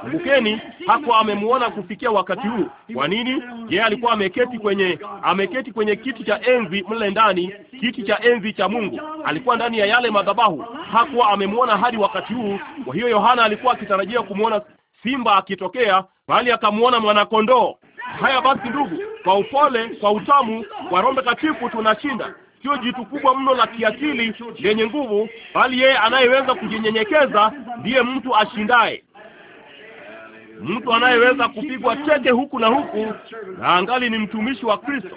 Kumbukeni, hakuwa amemwona kufikia wakati huu. Kwa nini? Yeye alikuwa ameketi kwenye ameketi kwenye kiti cha enzi mle ndani, kiti cha enzi cha Mungu. Alikuwa ndani ya yale madhabahu, hakuwa amemwona hadi wakati huu. Kwa hiyo Yohana alikuwa akitarajia kumwona simba akitokea, bali akamwona mwanakondoo. Haya basi, ndugu, kwa upole, kwa utamu kwa Roho Mtakatifu tunashinda sio jitu kubwa mno la kiakili lenye nguvu, bali yeye anayeweza kujinyenyekeza ndiye mtu ashindaye mtu anayeweza kupigwa teke huku na huku na angali ni mtumishi wa Kristo.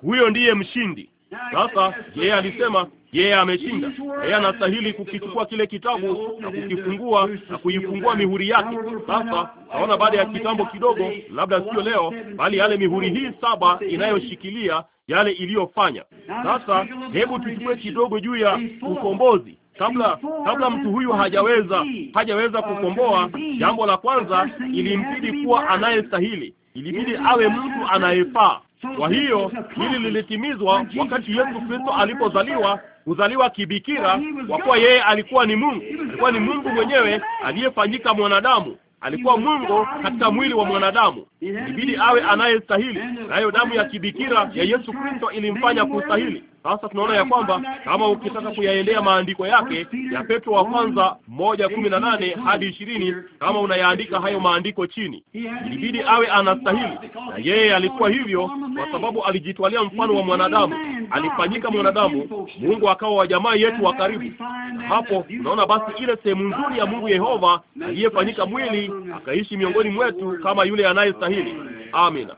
Huyo ndiye mshindi. Sasa yeye alisema yeye ameshinda. Yeye anastahili kukichukua kile kitabu na kukifungua na kuifungua mihuri yake. Sasa naona baada ya kitambo kidogo, labda sio leo, bali yale mihuri hii saba inayoshikilia yale iliyofanya. Sasa hebu tuchukue kidogo juu ya ukombozi kabla kabla mtu huyu hajaweza hajaweza kukomboa. Jambo la kwanza ilimbidi kuwa anayestahili, ilibidi awe mtu anayefaa. Kwa hiyo hili lilitimizwa wakati Yesu Kristo alipozaliwa kuzaliwa kibikira, kwa kuwa yeye alikuwa ni Mungu, alikuwa ni Mungu mwenyewe aliyefanyika mwanadamu alikuwa Mungu katika mwili wa mwanadamu, ibidi awe anayestahili, nayo damu ya kibikira ya Yesu Kristo ilimfanya kustahili. Sasa tunaona ya kwamba kama ukitaka kuyaendea maandiko yake ya Petro wa kwanza moja kumi na nane hadi ishirini, kama unayaandika hayo maandiko chini, ilibidi awe anastahili, na yeye alikuwa hivyo, kwa sababu alijitwalia mfano wa mwanadamu, alifanyika mwanadamu. Mungu akawa wa jamaa yetu wa karibu, na hapo unaona basi ile sehemu nzuri ya Mungu Yehova aliyefanyika mwili akaishi miongoni mwetu kama yule anayestahili. Amina.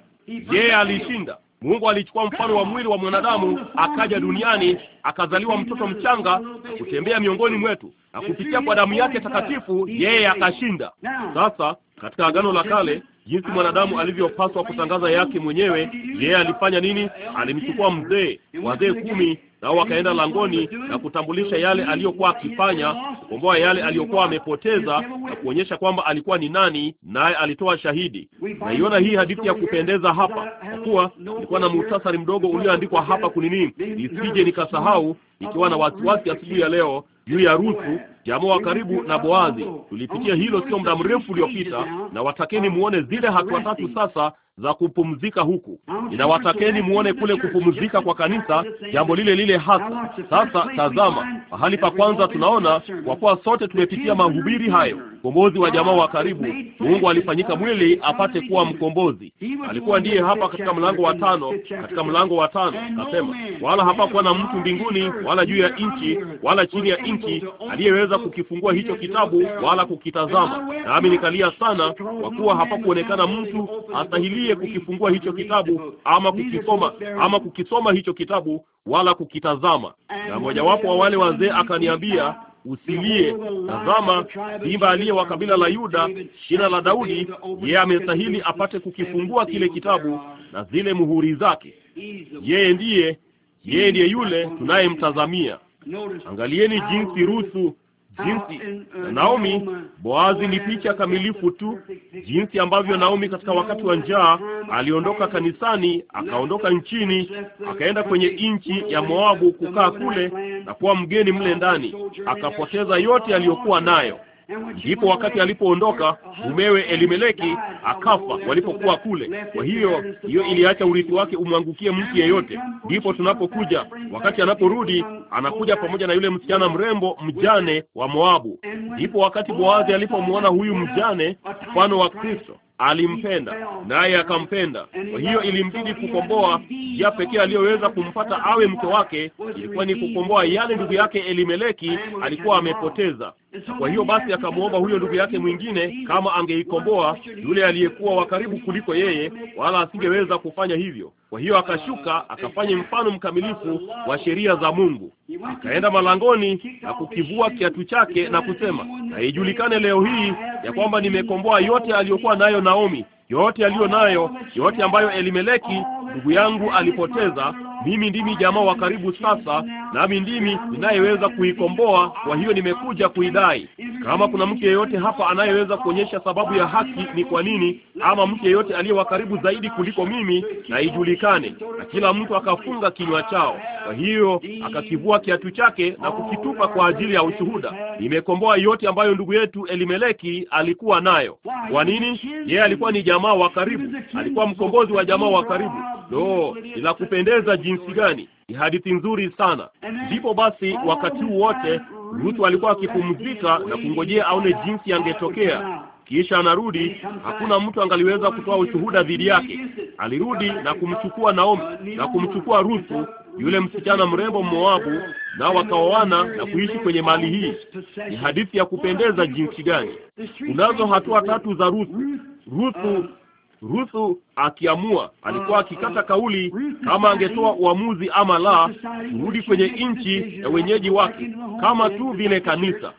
Yeye alishinda Mungu alichukua mfano wa mwili wa mwanadamu akaja duniani akazaliwa mtoto mchanga kutembea miongoni mwetu, na kupitia kwa damu yake takatifu yeye akashinda. Sasa katika Agano la Kale, jinsi mwanadamu alivyopaswa kutangaza yake mwenyewe, yeye alifanya nini? Alimchukua mzee, wazee kumi nao wakaenda langoni na kutambulisha yale aliyokuwa akifanya, kukomboa yale aliyokuwa amepoteza na kuonyesha kwamba alikuwa ni nani, naye alitoa shahidi. Naiona hii hadithi ya kupendeza hapa, kwa kuwa nilikuwa na muhtasari mdogo ulioandikwa hapa kunini, nisije nikasahau nikiwa na wasiwasi asubuhi ya leo juu ya Ruthu, jamaa wa karibu na Boazi. Tulipitia hilo sio muda mrefu uliopita, na watakeni muone zile hatua tatu sasa za kupumzika huku. Ninawatakeni muone kule kupumzika kwa kanisa, jambo lile lile hasa. Sasa tazama, mahali pa kwanza tunaona, kwa kuwa sote tumepitia mahubiri hayo mkombozi wa jamaa wa karibu. Mungu alifanyika mwili apate kuwa mkombozi. Alikuwa ndiye hapa katika mlango wa tano, katika mlango wa tano akasema, wala hapakuwa na mtu mbinguni wala juu ya nchi wala chini ya nchi aliyeweza kukifungua hicho kitabu wala kukitazama. Nami nikalia sana, kwa kuwa hapakuonekana mtu astahilie kukifungua hicho kitabu ama kukisoma ama kukisoma hicho kitabu wala kukitazama. Na mojawapo wa wale wazee akaniambia usilie. Tazama, simba aliye wa kabila la Yuda, shina la Daudi, yeye amestahili apate kukifungua kile kitabu na zile muhuri zake. Yeye ndiye, yeye ndiye yule tunayemtazamia. Angalieni jinsi Ruthu jinsi ah, uh, Naomi. Boazi ni picha kamilifu tu, jinsi ambavyo Naomi katika wakati wa njaa aliondoka kanisani, akaondoka nchini, akaenda kwenye nchi ya Moabu kukaa kule na kuwa mgeni mle ndani, akapoteza yote aliyokuwa nayo. Ndipo wakati alipoondoka mumewe Elimeleki akafa walipokuwa kule. Kwa hiyo hiyo iliacha urithi wake umwangukie mtu yeyote. Ndipo tunapokuja, wakati anaporudi, anakuja pamoja na yule msichana mrembo mjane wa Moabu. Ndipo wakati Boazi alipomwona huyu mjane, mfano wa Kristo, alimpenda naye akampenda. Kwa hiyo ilimbidi kukomboa. Njia pekee aliyoweza kumpata awe mke wake ilikuwa ni kukomboa yale ndugu yake Elimeleki alikuwa amepoteza. Kwa hiyo basi akamwomba huyo ndugu yake mwingine kama angeikomboa yule aliyekuwa wa karibu kuliko yeye, wala asingeweza kufanya hivyo. Kwa hiyo akashuka akafanya mfano mkamilifu wa sheria za Mungu, akaenda malangoni na kukivua kiatu chake na kusema, na ijulikane leo hii ya kwamba nimekomboa yote aliyokuwa nayo Naomi, yote aliyo nayo, yote ambayo Elimeleki ndugu yangu alipoteza, mimi ndimi jamaa wa karibu sasa, nami ndimi ninayeweza kuikomboa. Kwa hiyo nimekuja kuidai. Kama kuna mtu yeyote hapa anayeweza kuonyesha sababu ya haki ni kwa nini, ama mtu yeyote aliye wa karibu zaidi kuliko mimi, na ijulikane. Na kila mtu akafunga kinywa chao. Kwa hiyo akakivua kiatu chake na kukitupa kwa ajili ya ushuhuda. Nimekomboa yote ambayo ndugu yetu Elimeleki alikuwa nayo. Kwa nini? Yeye alikuwa ni jamaa wa karibu, alikuwa mkombozi wa jamaa wa karibu. Ndio, ila kupendeza jimu jinsi gani! Ni hadithi nzuri sana. Ndipo basi, wakati wote Ruth alikuwa akipumzika na kungojea aone jinsi angetokea kisha anarudi. Hakuna mtu angaliweza kutoa ushuhuda dhidi yake. Alirudi na kumchukua Naomi na kumchukua Ruthu, yule msichana mrembo Moabu, nao wakaoana na kuishi kwenye mali hii. Ni hadithi ya kupendeza jinsi gani! Unazo hatua tatu za Ruthu. Ruthu Ruthu akiamua, alikuwa akikata ah, ah. kauli kama angetoa uamuzi ama la kurudi kwenye nchi ya wenyeji wake, kama tu vile kanisa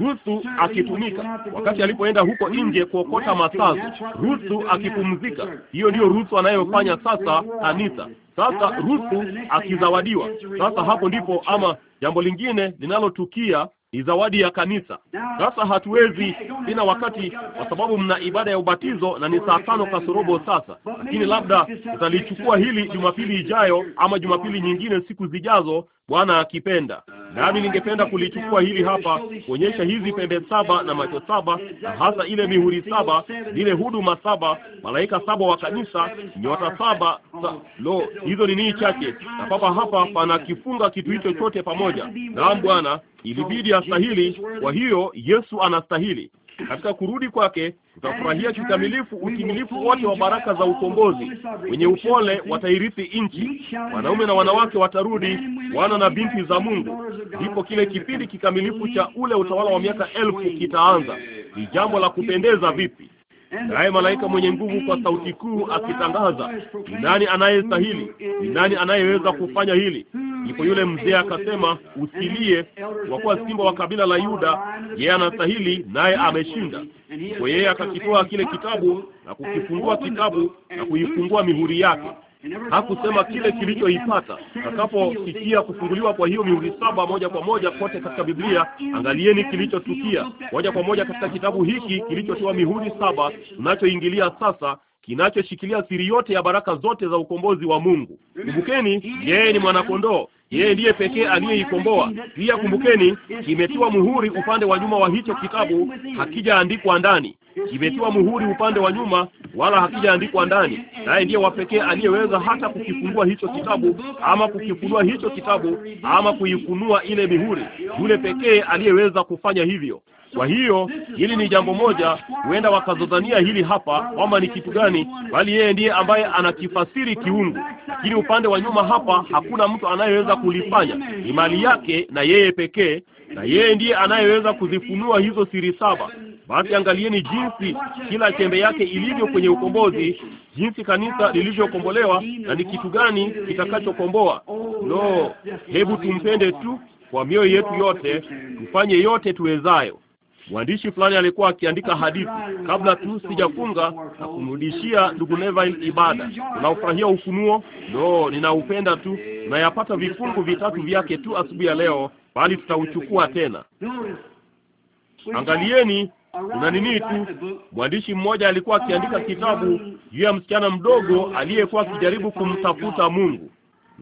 Ruthu akitumika wakati alipoenda huko nje kuokota masazo, Ruthu akipumzika. Hiyo ndiyo Ruthu anayofanya sasa kanisa. Sasa Ruthu akizawadiwa. Sasa hapo ndipo, ama jambo lingine linalotukia ni zawadi ya kanisa. Sasa hatuwezi sina wakati, kwa sababu mna ibada ya ubatizo na ni saa tano kasorobo sasa, lakini labda tutalichukua hili Jumapili ijayo ama Jumapili nyingine siku zijazo, Bwana akipenda. Nami ningependa kulichukua hili hapa kuonyesha hizi pembe saba na macho saba na hasa ile mihuri saba, zile huduma saba, malaika saba wa kanisa, nyota saba. Sa, lo, hizo ni nini chache, na papa hapa panakifunga kitu hicho chote pamoja. Naam Bwana, ilibidi astahili. Kwa hiyo Yesu anastahili. Katika kurudi kwake tutafurahia kikamilifu utimilifu wote wa baraka za ukombozi. Wenye upole watairithi nchi, wanaume na wanawake watarudi, wana na binti za Mungu. Ndipo kile kipindi kikamilifu cha ule utawala wa miaka elfu kitaanza. Ni jambo la kupendeza vipi! naye malaika mwenye nguvu kwa sauti kuu akitangaza, ni nani anayestahili? Ni nani anayeweza kufanya hili? Ndipo yule mzee akasema, usilie, kwa kuwa simba wa kabila la Yuda yeye anastahili, naye ameshinda. Kwa yeye akakitoa kile kitabu na kukifungua kitabu na kuifungua mihuri yake hakusema kile kilichoipata. Takaposikia kufunguliwa kwa hiyo mihuri saba moja kwa moja kote katika Biblia, angalieni kilichotukia moja kwa moja katika kitabu hiki kilichotoa mihuri saba, tunachoingilia sasa, kinachoshikilia siri yote ya baraka zote za ukombozi wa Mungu. Kumbukeni, yeye ni mwanakondoo yeye ndiye pekee aliyeikomboa. Pia kumbukeni, kimetiwa muhuri upande wa nyuma wa hicho kitabu, hakijaandikwa ndani kimetiwa muhuri upande wa nyuma, wala hakijaandikwa ndani, naye ndiye wa pekee aliyeweza hata kukifungua hicho kitabu ama kukifunua hicho kitabu ama kuifunua ile mihuri, yule pekee aliyeweza kufanya hivyo. Kwa hiyo hili ni jambo moja, huenda wakazodhania hili hapa kwamba ni kitu gani, bali yeye ndiye ambaye anakifasiri kiungu. Lakini upande wa nyuma hapa hakuna mtu anayeweza kulifanya, ni mali yake na yeye pekee, na yeye ndiye anayeweza kuzifunua hizo siri saba, basi angalieni jinsi kila chembe yake ilivyo kwenye ukombozi, jinsi kanisa lilivyokombolewa na ni kitu gani kitakachokomboa. Lo, hebu tumpende tu kwa mioyo yetu yote, tufanye yote tuwezayo. Mwandishi fulani alikuwa akiandika hadithi kabla tu sijafunga na kumrudishia ndugu Neville ibada. Unaufurahia ufunuo? No, ninaupenda tu. unayapata vifungu vitatu vyake tu asubuhi ya leo, bali tutauchukua tena. Angalieni kuna nini tu. Mwandishi mmoja alikuwa akiandika kitabu juu ya msichana mdogo aliyekuwa akijaribu kumtafuta Mungu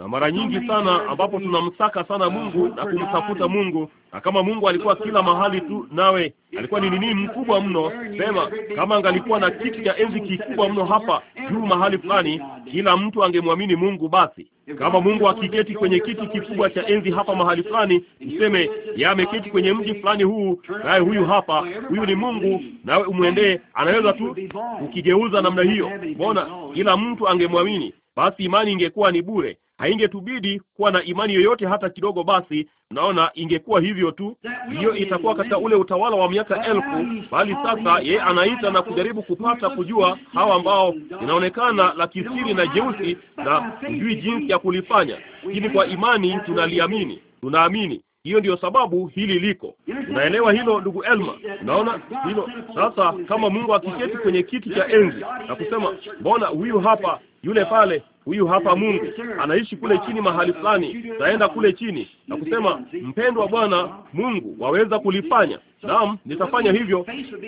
na mara nyingi sana ambapo tunamsaka sana Mungu na kumtafuta Mungu, na kama Mungu alikuwa kila mahali tu, nawe alikuwa ni nini mkubwa mno sema, kama angalikuwa na kiti cha enzi kikubwa mno hapa juu mahali fulani, kila mtu angemwamini Mungu. Basi kama Mungu akiketi kwenye kiti kikubwa cha enzi hapa mahali fulani, useme ameketi kwenye mji fulani huu, naye huyu hapa, huyu ni Mungu, nawe umwendee. Anaweza tu ukigeuza namna hiyo, mbona kila mtu angemwamini. Basi imani ingekuwa ni bure haingetubidi kuwa na imani yoyote hata kidogo. Basi naona ingekuwa hivyo tu, hiyo itakuwa katika ule utawala wa miaka elfu. Bali sasa yeye anaita na kujaribu kupata kujua hawa ambao inaonekana la kisiri na jeusi na kujui jinsi ya kulifanya, lakini kwa imani tunaliamini, tunaamini hiyo ndiyo sababu hili liko. Unaelewa hilo ndugu Elma? Unaona hilo sasa? Kama Mungu akiketi kwenye kiti cha enzi na kusema, mbona huyu hapa yule pale, huyu hapa Mungu anaishi kule chini mahali fulani, taenda kule chini na kusema, mpendwa Bwana Mungu, waweza kulifanya? Naam, nitafanya hivyo,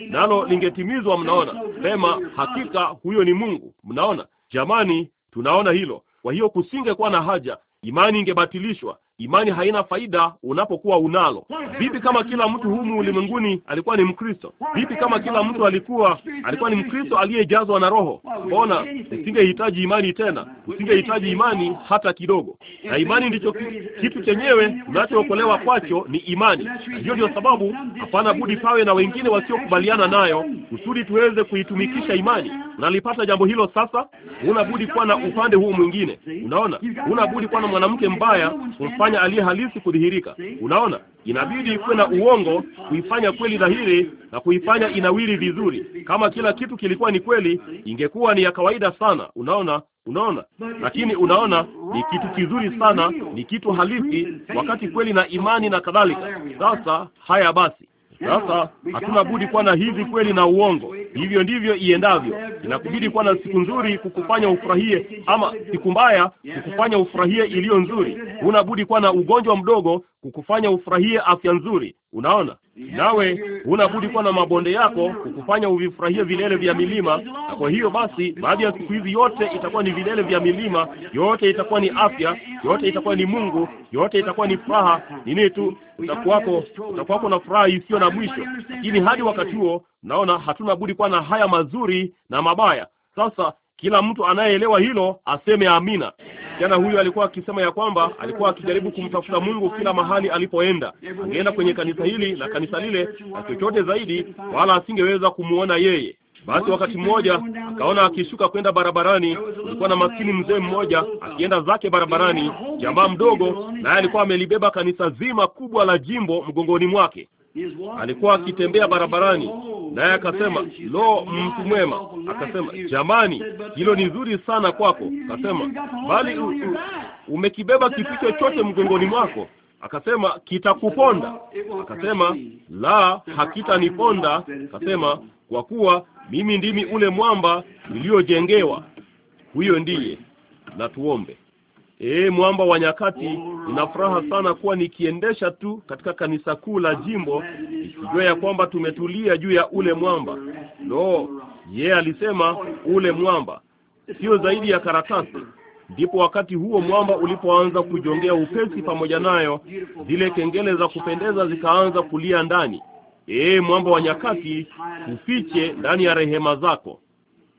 nalo lingetimizwa. Mnaona sema, hakika huyo ni Mungu. Mnaona jamani, tunaona hilo. Kwa hiyo kusingekuwa na haja, imani ingebatilishwa Imani haina faida unapokuwa unalo. Vipi kama kila mtu humu ulimwenguni alikuwa ni Mkristo? Vipi kama kila mtu alikuwa alikuwa ni Mkristo aliyejazwa na Roho? Mbona usingehitaji imani tena, usingehitaji imani hata kidogo. Na imani ndicho kitu chenyewe unachookolewa kwacho, ni imani. Hiyo ndio sababu hapana budi pawe na wengine wasiokubaliana nayo kusudi tuweze kuitumikisha imani. Unalipata jambo hilo sasa? Huna budi kuwa na upande huu mwingine. Unaona, huna budi kuwa na mwanamke mbaya kumfanya kumfanya aliye halisi kudhihirika. Unaona, inabidi kuwe na uongo kuifanya kweli dhahiri na kuifanya inawili vizuri. Kama kila kitu kilikuwa ni kweli, ingekuwa ni ya kawaida sana. Unaona, unaona. Lakini unaona, ni kitu kizuri sana, ni kitu halisi, wakati kweli na imani na kadhalika. Sasa haya basi sasa hatuna budi kuwa na hizi kweli na uongo. Hivyo ndivyo iendavyo. Inakubidi kuwa na siku nzuri kukufanya ufurahie, ama siku mbaya kukufanya ufurahie iliyo nzuri. Huna budi kuwa na ugonjwa mdogo kukufanya ufurahie afya nzuri. Unaona, nawe unabudi kuwa na mabonde yako kukufanya uvifurahie vilele vya milima. Na kwa hiyo basi, baadhi ya siku hizi yote itakuwa ni vilele vya milima, yote itakuwa ni afya, yote itakuwa ni Mungu, yote itakuwa ni furaha, nini tu utakuwako, utakuwako na furaha isiyo na mwisho. Lakini hadi wakati huo, naona hatuna budi kuwa na haya mazuri na mabaya. Sasa kila mtu anayeelewa hilo aseme amina. Kijana huyu alikuwa akisema ya kwamba alikuwa akijaribu kumtafuta Mungu kila mahali alipoenda. Angeenda kwenye kanisa hili na kanisa lile na chochote zaidi, wala asingeweza kumwona yeye. Basi wakati mmoja akaona akishuka kwenda barabarani, kulikuwa na maskini mzee mmoja akienda zake barabarani, jamaa mdogo, naye alikuwa amelibeba kanisa zima kubwa la jimbo mgongoni mwake. Alikuwa akitembea barabarani, naye akasema, lo, mtu mwema. Akasema, jamani, hilo ni zuri sana kwako. Akasema, bali umekibeba kitu chochote mgongoni mwako. Akasema, kitakuponda. Akasema, la, hakitaniponda. Akasema, kwa kuwa mimi ndimi ule mwamba niliyojengewa. Huyo ndiye. Na tuombe. Ee mwamba wa nyakati, nina furaha sana kuwa nikiendesha tu katika kanisa kuu la jimbo nikijua ya kwamba tumetulia juu ya ule mwamba. Lo, yeye yeah, alisema ule mwamba, sio zaidi ya karatasi. Ndipo wakati huo mwamba ulipoanza kujongea upesi pamoja nayo, zile kengele za kupendeza zikaanza kulia ndani. Ee mwamba wa nyakati, ufiche ndani ya rehema zako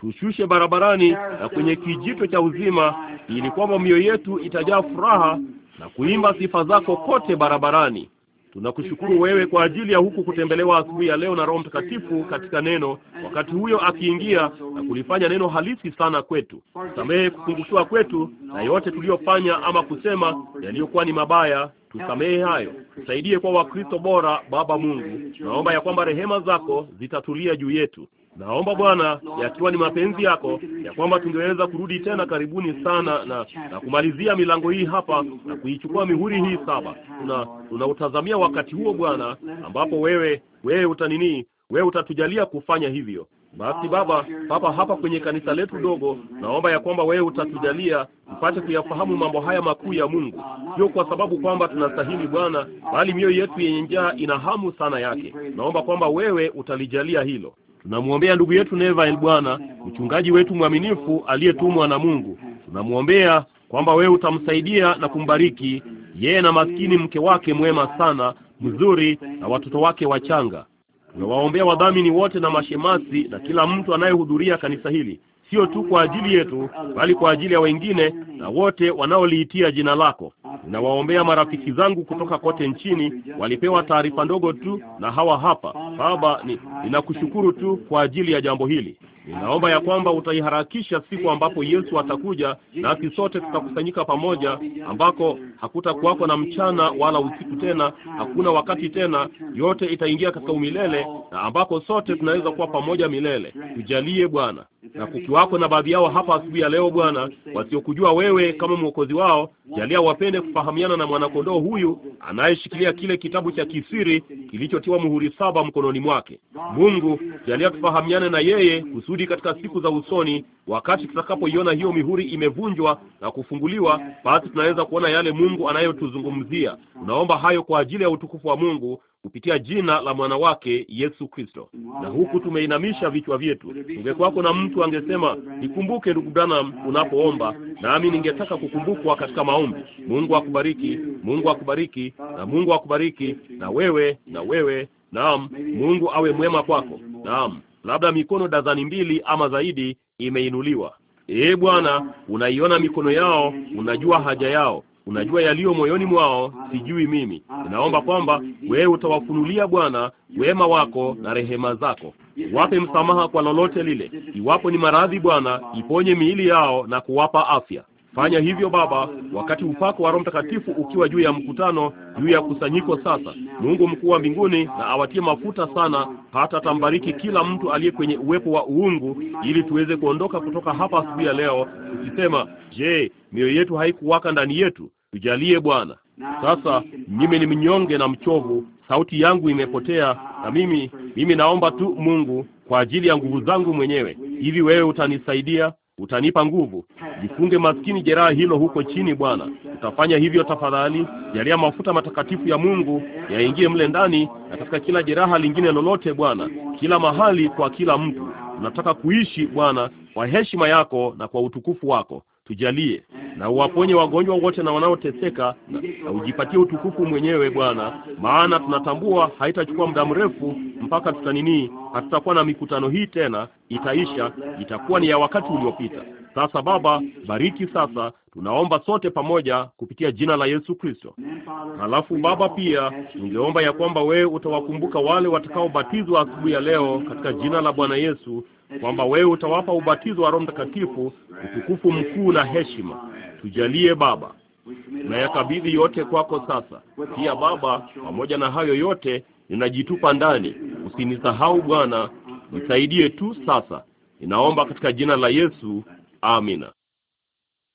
tushushe barabarani na kwenye kijito cha uzima, ili kwamba mioyo yetu itajaa furaha na kuimba sifa zako kote barabarani. Tunakushukuru wewe kwa ajili ya huku kutembelewa asubuhi ya leo na Roho Mtakatifu katika neno, wakati huyo akiingia na kulifanya neno halisi sana kwetu, tusamehe kupungukiwa kwetu na yote tuliyofanya ama kusema yaliyokuwa ni mabaya, tusamehe hayo. Tusaidie kwa Wakristo bora, Baba Mungu, tunaomba ya kwamba rehema zako zitatulia juu yetu. Naomba Bwana, yakiwa ni mapenzi yako, ya kwamba tungeweza kurudi tena karibuni sana na, na kumalizia milango hii hapa na kuichukua mihuri hii saba. Tuna tunautazamia wakati huo Bwana, ambapo wewe wewe utanini, wewe utatujalia kufanya hivyo. Basi Baba, papa hapa kwenye kanisa letu dogo, naomba ya kwamba wewe utatujalia mpate kuyafahamu mambo haya makuu ya Mungu, sio kwa sababu kwamba tunastahili Bwana, bali mioyo yetu yenye njaa ina hamu sana yake. Naomba kwamba wewe utalijalia hilo. Tunamwombea ndugu yetu Nevail, Bwana mchungaji wetu mwaminifu aliyetumwa na Mungu. Tunamwombea kwamba wewe utamsaidia na kumbariki yeye na maskini mke wake mwema sana mzuri na watoto wake wachanga. Tunawaombea wadhamini wote na mashemasi na kila mtu anayehudhuria kanisa hili sio tu kwa ajili yetu, bali kwa ajili ya wengine na wote wanaoliitia jina lako. Ninawaombea marafiki zangu kutoka kote nchini, walipewa taarifa ndogo tu na hawa hapa. Baba, ninakushukuru tu kwa ajili ya jambo hili. Ninaomba ya kwamba utaiharakisha siku ambapo Yesu atakuja nasi sote tutakusanyika pamoja, ambako hakutakuwako na mchana wala usiku tena, hakuna wakati tena, yote itaingia katika umilele, na ambako sote tunaweza kuwa pamoja milele. Tujalie Bwana, na kukiwako na baadhi yao hapa asubuhi ya leo Bwana, wasiokujua wewe kama mwokozi wao, jalia wapende kufahamiana na mwanakondoo huyu anayeshikilia kile kitabu cha kisiri kilichotiwa muhuri saba mkononi mwake. Mungu, jalia tufahamiane na yeye kusudi kusudi katika siku za usoni, wakati tutakapoiona hiyo mihuri imevunjwa na kufunguliwa, basi tunaweza kuona yale Mungu anayotuzungumzia. Tunaomba hayo kwa ajili ya utukufu wa Mungu kupitia jina la mwana wake Yesu Kristo. Na huku tumeinamisha vichwa vyetu, ungekuwako na mtu angesema, nikumbuke ndugu Branham unapoomba, nami ningetaka kukumbukwa katika maombi. Mungu akubariki, Mungu akubariki, na Mungu akubariki, na wewe na wewe. Naam, Mungu awe mwema kwako. Naam labda mikono dazani mbili ama zaidi imeinuliwa. Ee Bwana, unaiona mikono yao, unajua haja yao, unajua yaliyo moyoni mwao, sijui mimi. Ninaomba kwamba wewe utawafunulia Bwana wema wako na rehema zako, wape msamaha kwa lolote lile. Iwapo ni maradhi, Bwana, iponye miili yao na kuwapa afya. Fanya hivyo Baba, wakati upako wa Roho Mtakatifu ukiwa juu ya mkutano, juu ya kusanyiko. Sasa Mungu mkuu wa mbinguni na awatie mafuta sana, hata atambariki kila mtu aliye kwenye uwepo wa uungu, ili tuweze kuondoka kutoka hapa asubuhi ya leo tukisema, je, mioyo yetu haikuwaka ndani yetu? Tujalie Bwana. Sasa mimi ni mnyonge na mchovu, sauti yangu imepotea, na mimi mimi naomba tu Mungu kwa ajili ya nguvu zangu mwenyewe. Hivi wewe utanisaidia? utanipa nguvu. Jifunge maskini jeraha hilo huko chini, Bwana. Utafanya hivyo tafadhali. Jalia mafuta matakatifu ya Mungu yaingie mle ndani na katika kila jeraha lingine lolote, Bwana, kila mahali, kwa kila mtu. Tunataka kuishi Bwana, kwa heshima yako na kwa utukufu wako tujalie na uwaponye wagonjwa wote na wanaoteseka, na, na ujipatie utukufu mwenyewe Bwana, maana tunatambua haitachukua muda mrefu mpaka tutaninii, hatutakuwa na mikutano hii tena, itaisha, itakuwa ni ya wakati uliopita. Sasa Baba, bariki sasa Tunaomba sote pamoja kupitia jina la Yesu Kristo. Halafu Baba, pia ningeomba ya kwamba wewe utawakumbuka wale watakaobatizwa asubuhi ya leo katika jina la Bwana Yesu, kwamba wewe utawapa ubatizo wa Roho Mtakatifu utukufu mkuu na heshima. Tujalie Baba, yakabidhi yote kwako sasa. Pia Baba, pamoja na hayo yote ninajitupa ndani, usinisahau Bwana, nisaidie tu sasa. Ninaomba katika jina la Yesu, amina.